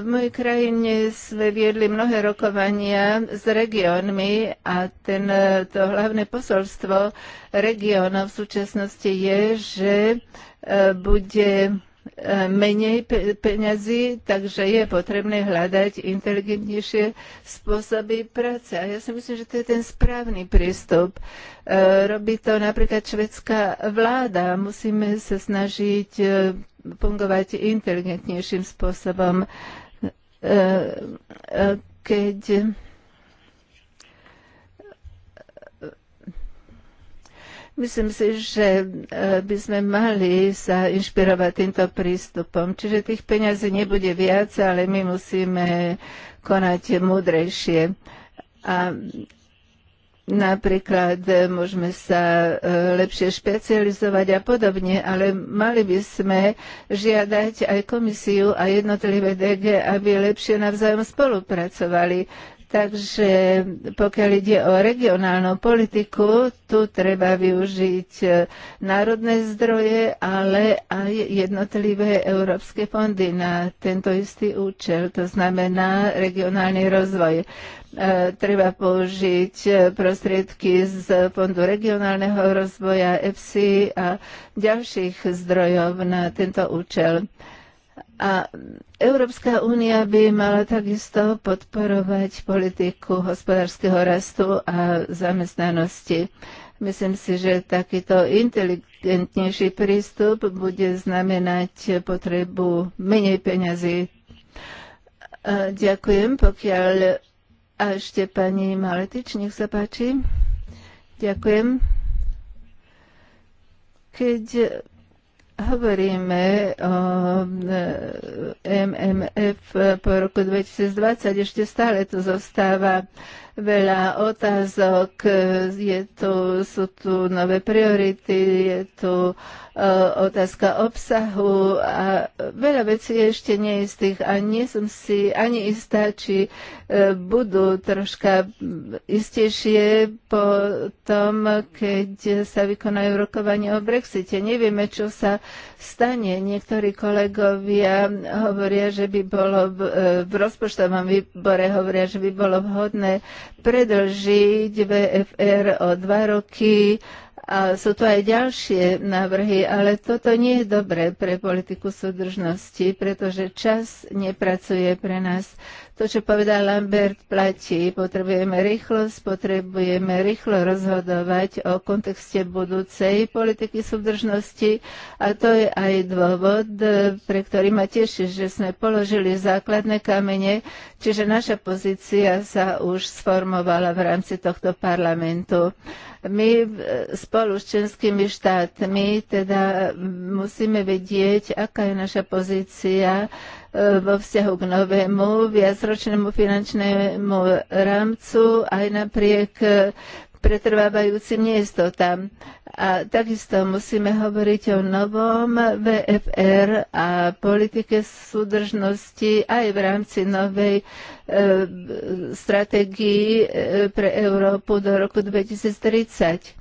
v mojej krajine sme viedli mnohé rokovania s regiónmi a ten, to hlavné posolstvo regiónov v súčasnosti je, že e, bude E, menej peňazí, takže je potrebné hľadať inteligentnejšie spôsoby práce. A ja si myslím, že to je ten správny prístup. E, robí to napríklad švedská vláda. Musíme sa snažiť e, fungovať inteligentnejším spôsobom. Keď Myslím si, že e, by sme mali sa inšpirovať týmto prístupom. Čiže tých peňazí nebude viac, ale my musíme konať múdrejšie. A napríklad e, môžeme sa e, lepšie špecializovať a podobne, ale mali by sme žiadať aj komisiu a jednotlivé DG, aby lepšie navzájom spolupracovali. Takže pokiaľ ide o regionálnu politiku, tu treba využiť e, národné zdroje, ale aj jednotlivé európske fondy na tento istý účel, to znamená regionálny rozvoj. E, treba použiť e, prostriedky z Fondu regionálneho rozvoja EFSI a ďalších zdrojov na tento účel. A Európska únia by mala takisto podporovať politiku hospodárskeho rastu a zamestnanosti. Myslím si, že takýto inteligentnejší prístup bude znamenať potrebu menej peňazí. ďakujem, pokiaľ... A ešte pani Maletič, nech sa páči. Ďakujem. Keď hovoríme o e, MMF po roku 2020, ešte stále to zostáva veľa otázok, je tu, sú tu nové priority, je tu e, otázka obsahu a veľa vecí je ešte neistých a nie som si ani istá, či e, budú troška istejšie po tom, keď sa vykonajú rokovanie o Brexite. Nevieme, čo sa stane. Niektorí kolegovia hovoria, že by bolo v, e, v rozpočtovom výbore hovoria, že by bolo vhodné predlžiť VFR o dva roky a sú tu aj ďalšie návrhy, ale toto nie je dobré pre politiku súdržnosti, pretože čas nepracuje pre nás. To, čo povedal Lambert, platí. Potrebujeme rýchlosť, potrebujeme rýchlo rozhodovať o kontexte budúcej politiky súdržnosti a to je aj dôvod, pre ktorý ma teší, že sme položili základné kamene, čiže naša pozícia sa už sformovala v rámci tohto parlamentu my e, spolu s členskými štátmi teda musíme vedieť, aká je naša pozícia vo vzťahu k novému viacročnému finančnému rámcu aj napriek pretrvávajúcim neistotám. A takisto musíme hovoriť o novom VFR a politike súdržnosti aj v rámci novej e, stratégii e, pre Európu do roku 2030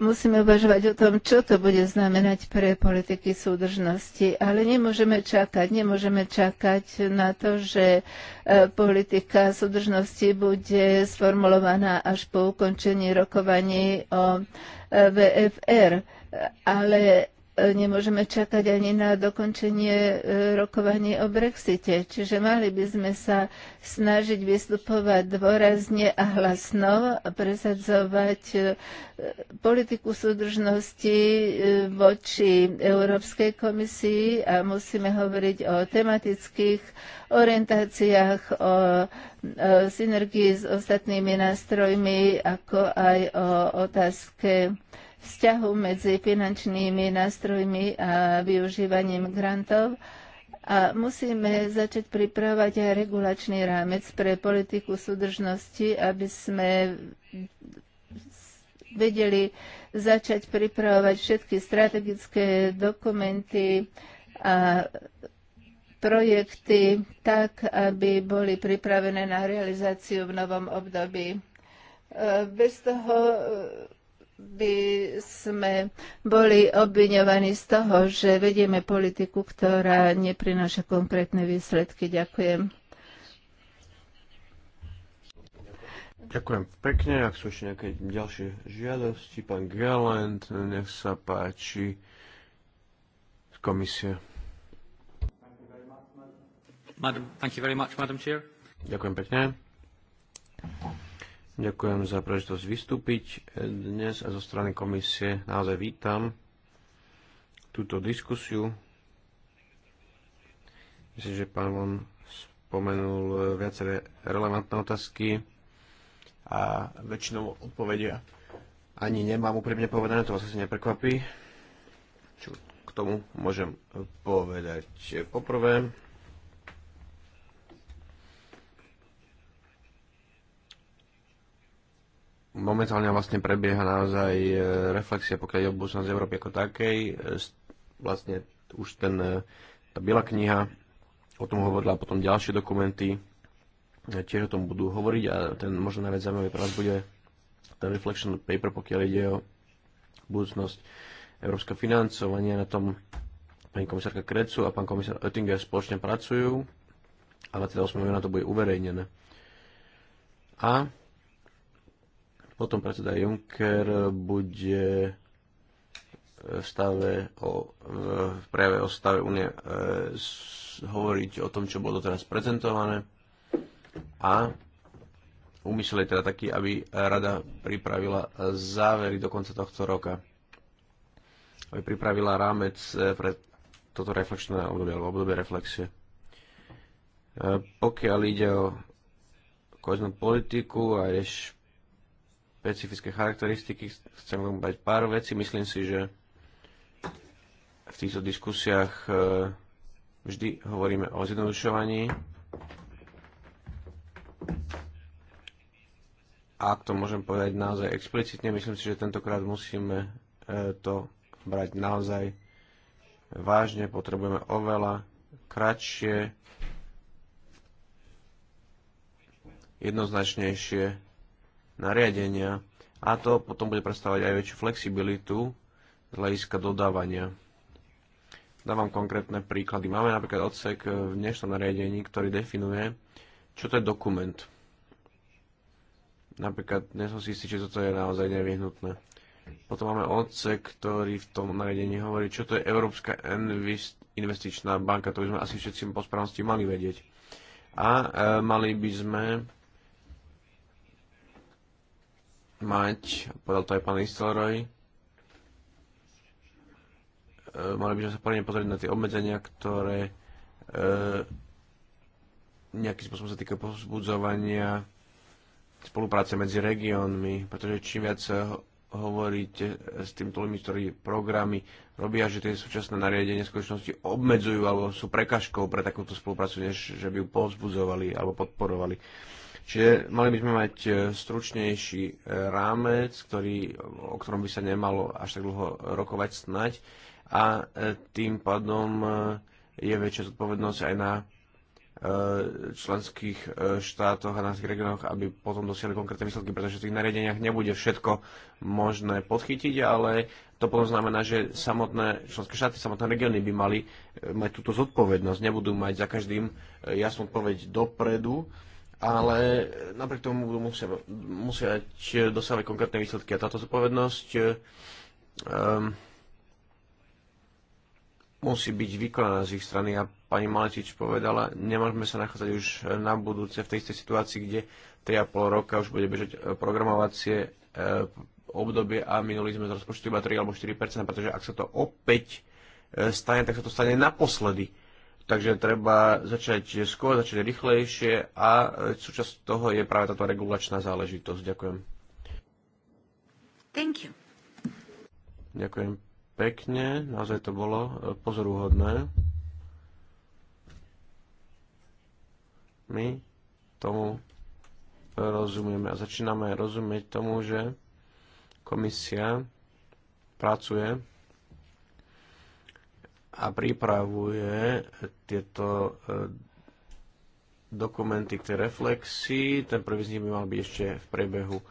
musíme uvažovať o tom, čo to bude znamenať pre politiky súdržnosti. Ale nemôžeme čakať, nemôžeme čakať na to, že e, politika súdržnosti bude sformulovaná až po ukončení rokovaní o e, VFR. Ale E, nemôžeme čakať ani na dokončenie e, rokovaní o Brexite. Čiže mali by sme sa snažiť vystupovať dôrazne a hlasno a presadzovať e, politiku súdržnosti voči Európskej komisii a musíme hovoriť o tematických orientáciách, o synergii s ostatnými nástrojmi, ako aj o otázke vzťahu medzi finančnými nástrojmi a využívaním grantov a musíme začať pripravať aj regulačný rámec pre politiku súdržnosti, aby sme vedeli začať pripravovať všetky strategické dokumenty a projekty tak, aby boli pripravené na realizáciu v novom období. E, bez toho by sme boli obviňovaní z toho, že vedieme politiku, ktorá neprináša konkrétne výsledky. Ďakujem. Ďakujem pekne. Ak sú ešte nejaké ďalšie žiadosti, pán Galland, nech sa páči z komisie. thank you very much, Madam Chair. Ďakujem pekne. Ďakujem za prežitosť vystúpiť dnes a zo strany komisie naozaj vítam túto diskusiu. Myslím, že pán Von spomenul viaceré relevantné otázky a väčšinou odpovedia ani nemám úprimne povedané, to vás asi neprekvapí. Čo k tomu môžem povedať? Poprvé, momentálne vlastne prebieha naozaj e, reflexia, pokiaľ je o budúcnosť Európy ako takej. E, vlastne už ten, e, tá biela kniha o tom hovorila, potom ďalšie dokumenty tiež o tom budú hovoriť a ten možno najviac zaujímavý pre bude ten reflection paper, pokiaľ ide o budúcnosť európskeho financovania. Na tom pani komisárka Krecu a pán komisár Oettinger spoločne pracujú a 28. júna to bude uverejnené. A potom predseda Juncker bude v stave o, v prejave o stave únie e, hovoriť o tom, čo bolo teraz prezentované a úmysel je teda taký, aby rada pripravila závery do konca tohto roka. Aby pripravila rámec e, pre toto reflexné obdobie, alebo obdobie reflexie. E, pokiaľ ide o koheznú politiku a rieš špecifické charakteristiky. Chcem vám dať pár vecí. Myslím si, že v týchto diskusiách e, vždy hovoríme o zjednodušovaní. A ak to môžem povedať naozaj explicitne, myslím si, že tentokrát musíme e, to brať naozaj vážne. Potrebujeme oveľa kratšie jednoznačnejšie nariadenia a to potom bude predstavovať aj väčšiu flexibilitu z hľadiska dodávania. Dávam konkrétne príklady. Máme napríklad odsek v dnešnom nariadení, ktorý definuje, čo to je dokument. Napríklad nie som si istý, či toto je naozaj nevyhnutné. Potom máme odsek, ktorý v tom nariadení hovorí, čo to je Európska investičná banka. To by sme asi všetci po správnosti mali vedieť. A e, mali by sme mať, povedal to aj pán Istelroj, e, mali by sme sa poriadne pozrieť na tie obmedzenia, ktoré e, nejakým spôsobom sa týkajú pozbudzovania spolupráce medzi regiónmi, pretože čím viac hovoríte s týmto ľuďmi, ktorí programy robia, že tie súčasné nariadenie skutočnosti obmedzujú alebo sú prekažkou pre takúto spoluprácu, než že by ju povzbudzovali alebo podporovali. Čiže mali by sme mať e, stručnejší e, rámec, ktorý, o ktorom by sa nemalo až tak dlho rokovať snať a e, tým pádom je väčšia zodpovednosť aj na členských štátoch a na tých regionoch, aby potom dosiahli konkrétne výsledky, pretože v tých nariadeniach nebude všetko možné podchytiť, ale to potom znamená, že samotné členské štáty, samotné regióny by mali mať túto zodpovednosť, nebudú mať za každým jasnú odpoveď dopredu, ale napriek tomu budú musia, musia dosávať konkrétne výsledky. A táto zodpovednosť um, musí byť vykonaná z ich strany. A pani Maletič povedala, nemôžeme sa nachádzať už na budúce v tej istej situácii, kde 3,5 roka už bude bežať eh, programovacie uh, obdobie a minuli sme z rozpočtu iba 3 alebo 4 pretože ak sa to opäť stane, tak sa to stane naposledy Takže treba začať skôr, začať rýchlejšie a e, súčasť toho je práve táto regulačná záležitosť. Ďakujem. Thank you. Ďakujem pekne, naozaj to bolo e, pozoruhodné. My tomu rozumieme a začíname rozumieť tomu, že komisia pracuje a pripravuje tieto e, dokumenty k tej reflexii. Ten prvý z nich by mal byť ešte v priebehu e,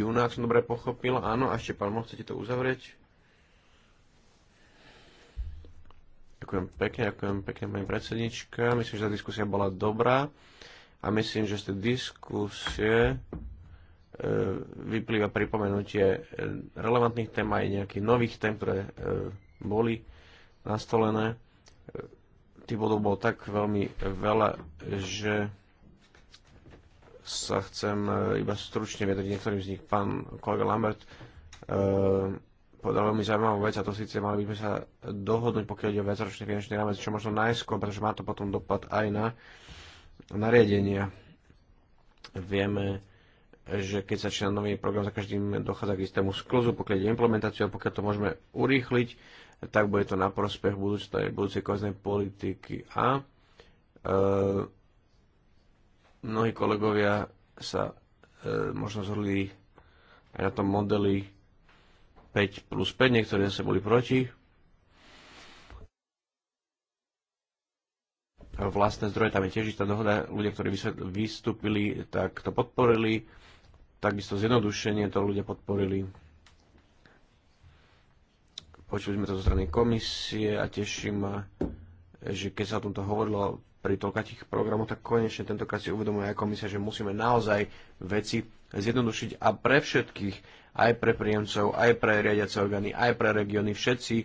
júna, ak som dobre pochopil. Áno, a ešte pán, chcete to uzavrieť? Ďakujem pekne, ďakujem pekne, pani predsednička. Myslím, že tá diskusia bola dobrá a myslím, že z tej diskusie e, vyplýva pripomenutie relevantných tém aj nejakých nových tém, ktoré boli nastolené. Tých bodov bolo tak veľmi veľa, že sa chcem iba stručne vedieť niektorým z nich. Pán kolega Lambert eh, povedal veľmi zaujímavú vec a to síce mali by sme sa dohodnúť, pokiaľ ide o viacročný finančný rámec, čo možno najskôr, pretože má to potom dopad aj na nariadenia. Vieme, že keď začína nový program, za každým dochádza k istému sklzu, pokiaľ ide implementáciu a pokiaľ to môžeme urýchliť, tak bude to na prospech budúcej, budúcej koznej politiky. A e, mnohí kolegovia sa e, možno zhodli aj na tom modeli 5 plus 5, niektorí zase boli proti. Vlastné zdroje, tam je tiež tá dohoda, ľudia, ktorí vystúpili, tak to podporili, takisto zjednodušenie to ľudia podporili. Počuli sme to zo strany komisie a teším, ma, že keď sa o tomto hovorilo pri toľkatých programoch, tak konečne tentokrát si uvedomuje aj komisia, že musíme naozaj veci zjednodušiť a pre všetkých, aj pre príjemcov, aj pre riadiace orgány, aj pre regióny, všetci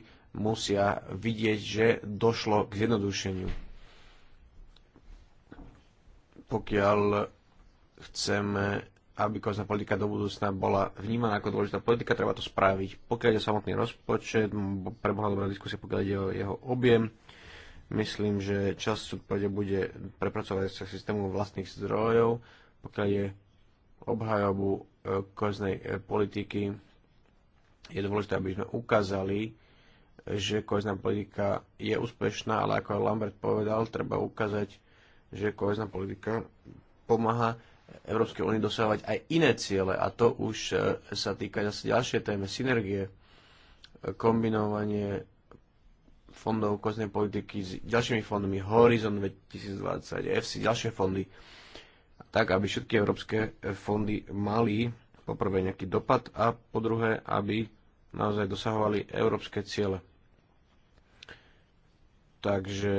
musia vidieť, že došlo k zjednodušeniu. Pokiaľ chceme aby kozná politika do budúcna bola vnímaná ako dôležitá politika, treba to spraviť. Pokiaľ ide samotný rozpočet, prebohla dobrá diskusia, pokiaľ ide o jeho objem, myslím, že čas odpovede bude prepracovať sa systému vlastných zdrojov, pokiaľ je obhajobu e, koznej e, politiky, je dôležité, aby sme ukázali, že kozná politika je úspešná, ale ako Lambert povedal, treba ukázať, že kozná politika pomáha Európskej únie dosahovať aj iné ciele a to už e, sa týka zase ďalšie téme synergie, e, kombinovanie fondov koznej politiky s ďalšími fondami Horizon 2020, FC, ďalšie fondy, tak aby všetky európske fondy mali poprvé nejaký dopad a po druhé, aby naozaj dosahovali európske ciele. Takže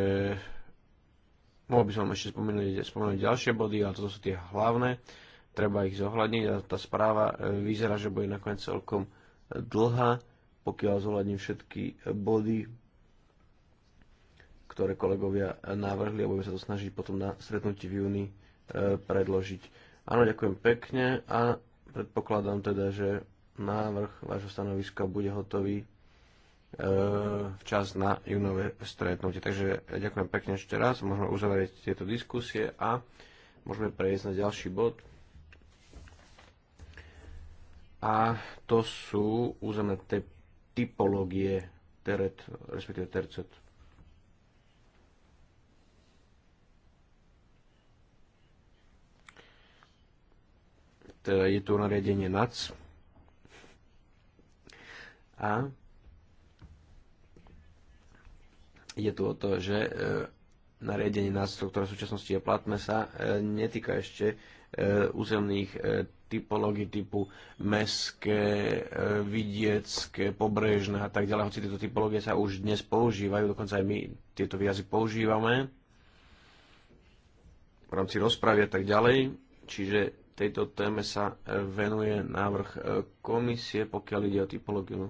Mohol by som ešte spomenúť, spomenúť ďalšie body, ale toto sú tie hlavné. Treba ich zohľadniť a tá správa e, vyzerá, že bude nakoniec celkom dlhá, pokiaľ zohľadním všetky body, ktoré kolegovia navrhli a budeme sa to snažiť potom na stretnutí v júni e, predložiť. Áno, ďakujem pekne a predpokladám teda, že návrh vášho stanoviska bude hotový Eh, včas na júnové stretnutie. Takže ďakujem pekne ešte raz, môžeme uzavrieť tieto diskusie a môžeme prejsť na ďalší bod. A to sú územné typológie teret, respektíve tercet. Teda je tu nariadenie NAC. A Ide tu o to, že e, nariadenie nástrojov, ktoré v súčasnosti je platné, sa e, netýka ešte e, územných typológií typu meské, vidiecké, pobrežné a tak ďalej, hoci tieto typológie sa už dnes používajú, dokonca aj my tieto výrazy používame v rámci rozpravy a tak ďalej. Čiže tejto téme sa venuje návrh komisie, pokiaľ ide o typológiu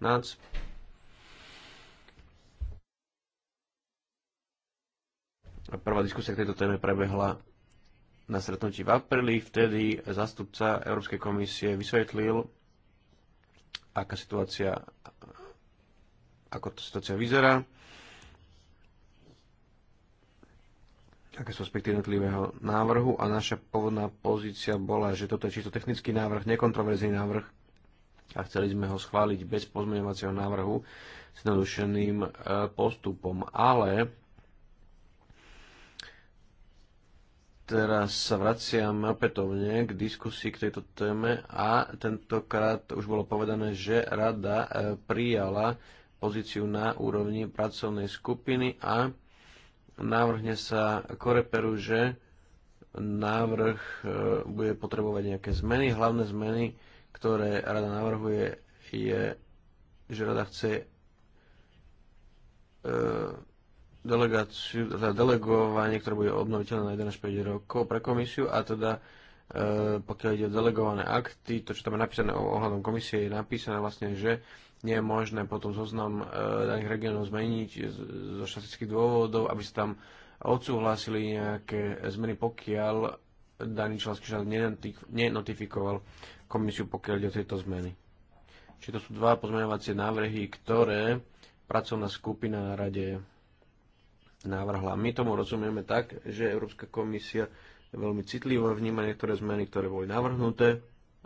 NAC. Prvá diskusia k tejto téme prebehla na stretnutí v apríli. Vtedy zastupca Európskej komisie vysvetlil, aká situácia, ako to situácia vyzerá, aké sú aspekty jednotlivého návrhu a naša pôvodná pozícia bola, že toto je čisto technický návrh, nekontroverzný návrh a chceli sme ho schváliť bez pozmeňovacieho návrhu s jednodušeným e, postupom. Ale Teraz sa vraciam opätovne k diskusii k tejto téme a tentokrát už bolo povedané, že rada e, prijala pozíciu na úrovni pracovnej skupiny a návrhne sa koreperu, že návrh e, bude potrebovať nejaké zmeny. Hlavné zmeny, ktoré rada navrhuje, je, že rada chce e, delegáciu, teda delegovanie, ktoré bude obnoviteľné na 1 až 5 rokov pre komisiu a teda e, pokiaľ ide o delegované akty, to čo tam je napísané ohľadom komisie je napísané vlastne, že nie je možné potom zoznam e, daných regionov zmeniť zo štatických dôvodov, aby sa tam odsúhlasili nejaké zmeny, pokiaľ daný členský štát nenotifikoval komisiu, pokiaľ ide o tieto zmeny. Čiže to sú dva pozmeňovacie návrhy, ktoré pracovná skupina na rade navrhla. My tomu rozumieme tak, že Európska komisia veľmi citlivo vníma niektoré zmeny, ktoré boli navrhnuté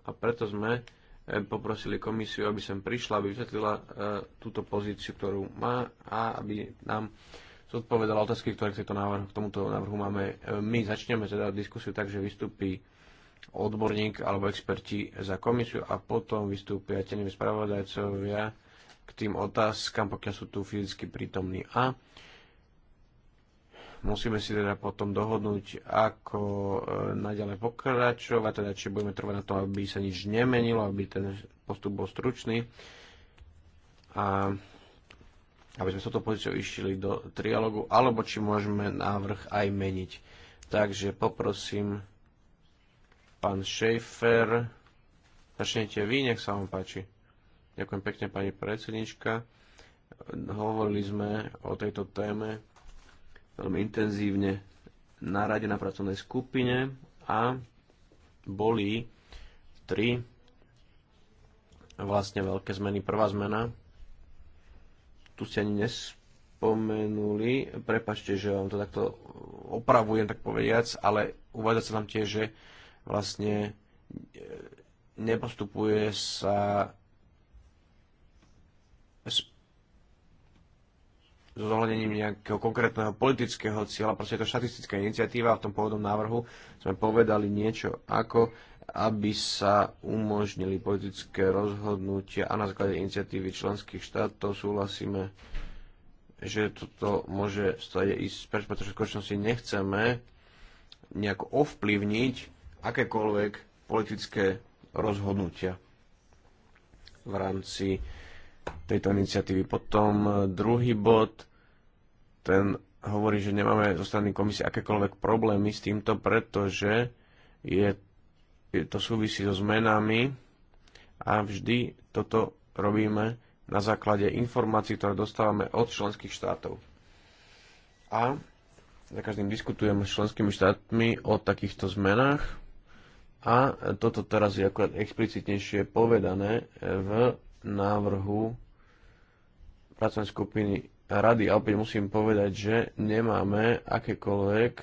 a preto sme eh, poprosili komisiu, aby sem prišla, aby vysvetlila eh, túto pozíciu, ktorú má a aby nám zodpovedala otázky, ktoré k, návrhu, k tomuto návrhu máme. Eh, my začneme teda diskusiu tak, že vystúpi odborník alebo experti za komisiu a potom vystúpia tenými spravodajcovia k tým otázkam, pokiaľ sú tu fyzicky prítomní. A Musíme si teda potom dohodnúť, ako e, naďalej pokračovať, teda či budeme trvať na to, aby sa nič nemenilo, aby ten postup bol stručný a aby sme s touto pozíciou išli do trialogu, alebo či môžeme návrh aj meniť. Takže poprosím pán Šejfer, začnete vy, nech sa vám páči. Ďakujem pekne, pani predsednička. Hovorili sme o tejto téme veľmi intenzívne na rade na pracovnej skupine a boli tri vlastne veľké zmeny. Prvá zmena, tu ste ani nespomenuli, prepačte, že vám to takto opravujem, tak povediac, ale uvádza sa tam tiež, že vlastne e, nepostupuje sa so zohľadením nejakého konkrétneho politického cieľa, proste je to štatistická iniciatíva a v tom pôvodnom návrhu sme povedali niečo ako aby sa umožnili politické rozhodnutia a na základe iniciatívy členských štátov súhlasíme, že toto môže stať ísť preč, pretože v skutočnosti nechceme nejako ovplyvniť akékoľvek politické rozhodnutia v rámci tejto iniciatívy. Potom e, druhý bod, ten hovorí, že nemáme zo strany komisie akékoľvek problémy s týmto, pretože je, je to súvisí so zmenami a vždy toto robíme na základe informácií, ktoré dostávame od členských štátov. A za každým diskutujeme s členskými štátmi o takýchto zmenách a toto teraz je akurát explicitnejšie povedané v návrhu pracovnej skupiny rady. A opäť musím povedať, že nemáme akékoľvek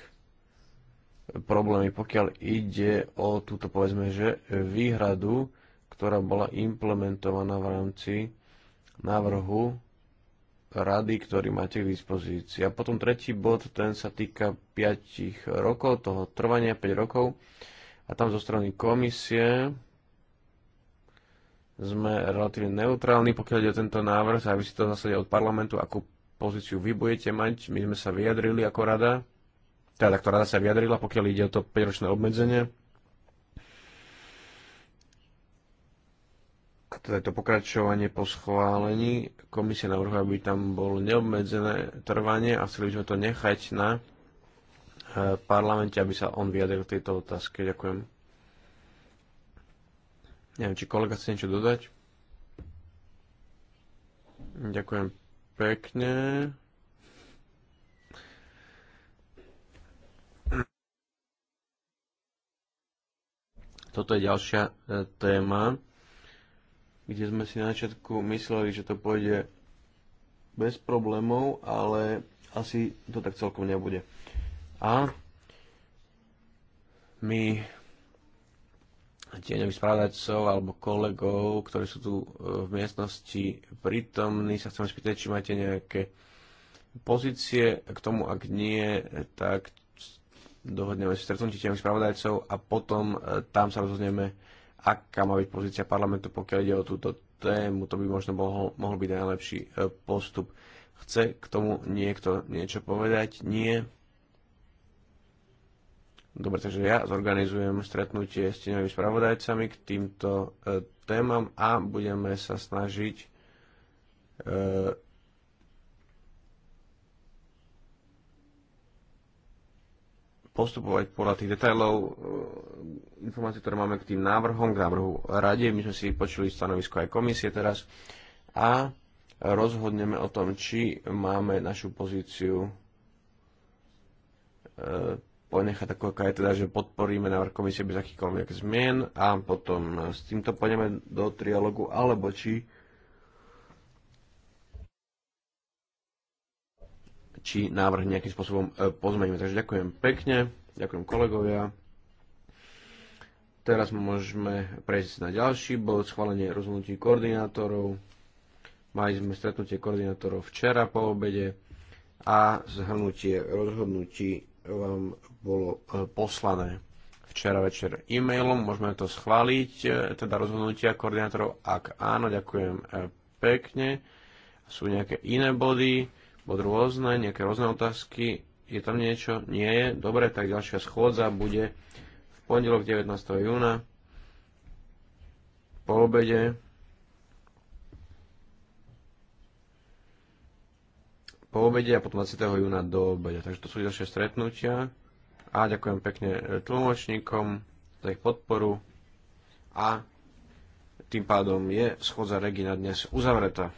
problémy, pokiaľ ide o túto, povedzme, že výhradu, ktorá bola implementovaná v rámci návrhu rady, ktorý máte k dispozícii. A potom tretí bod, ten sa týka 5 rokov, toho trvania 5 rokov. A tam zo strany komisie sme relatívne neutrálni, pokiaľ ide o tento návrh, si to zase od parlamentu, akú pozíciu vy budete mať. My sme sa vyjadrili ako rada, teda takto rada sa vyjadrila, pokiaľ ide o to 5-ročné obmedzenie. A teda to pokračovanie po schválení. Komisia navrhuje, aby tam bolo neobmedzené trvanie a chceli by sme to nechať na eh, parlamente, aby sa on vyjadril k tejto otázke. Ďakujem. Neviem, či kolega chce niečo dodať. Ďakujem pekne. Toto je ďalšia e, téma, kde sme si na začiatku mysleli, že to pôjde bez problémov, ale asi to tak celkom nebude. A my tieňových správcov alebo kolegov, ktorí sú tu e, v miestnosti prítomní. Sa chcem spýtať, či máte nejaké pozície k tomu, ak nie, tak dohodneme si stretnutie tieňových spravodajcov a potom e, tam sa rozhodneme, aká má byť pozícia parlamentu, pokiaľ ide o túto tému. To by možno mohol, mohol byť najlepší e, postup. Chce k tomu niekto niečo povedať? Nie. Dobre, takže ja zorganizujem stretnutie s tieňovými spravodajcami k týmto e, témam a budeme sa snažiť e, postupovať podľa tých detailov e, informácií, ktoré máme k tým návrhom, k návrhu rade. My sme si počuli stanovisko aj komisie teraz a rozhodneme o tom, či máme našu pozíciu e, ponechať takú, aká je teda, že podporíme návrh komisie bez akýchkoľvek zmien a potom s týmto pôjdeme do trialogu, alebo či či návrh nejakým spôsobom e, pozmeníme. Takže ďakujem pekne, ďakujem kolegovia. Teraz môžeme prejsť na ďalší bod, schválenie rozhodnutí koordinátorov. Mali sme stretnutie koordinátorov včera po obede a zhrnutie rozhodnutí vám bolo e, poslané včera večer e-mailom. Môžeme to schváliť, e, teda rozhodnutia koordinátorov. Ak áno, ďakujem e, pekne. Sú nejaké iné body, bod rôzne, nejaké rôzne otázky. Je tam niečo? Nie je. Dobre, tak ďalšia schôdza bude v pondelok 19. júna po obede. po obede a potom 20. júna do obede. Takže to sú ďalšie stretnutia. A ďakujem pekne e, tlmočníkom za ich podporu. A tým pádom je schodza Regina dnes uzavretá.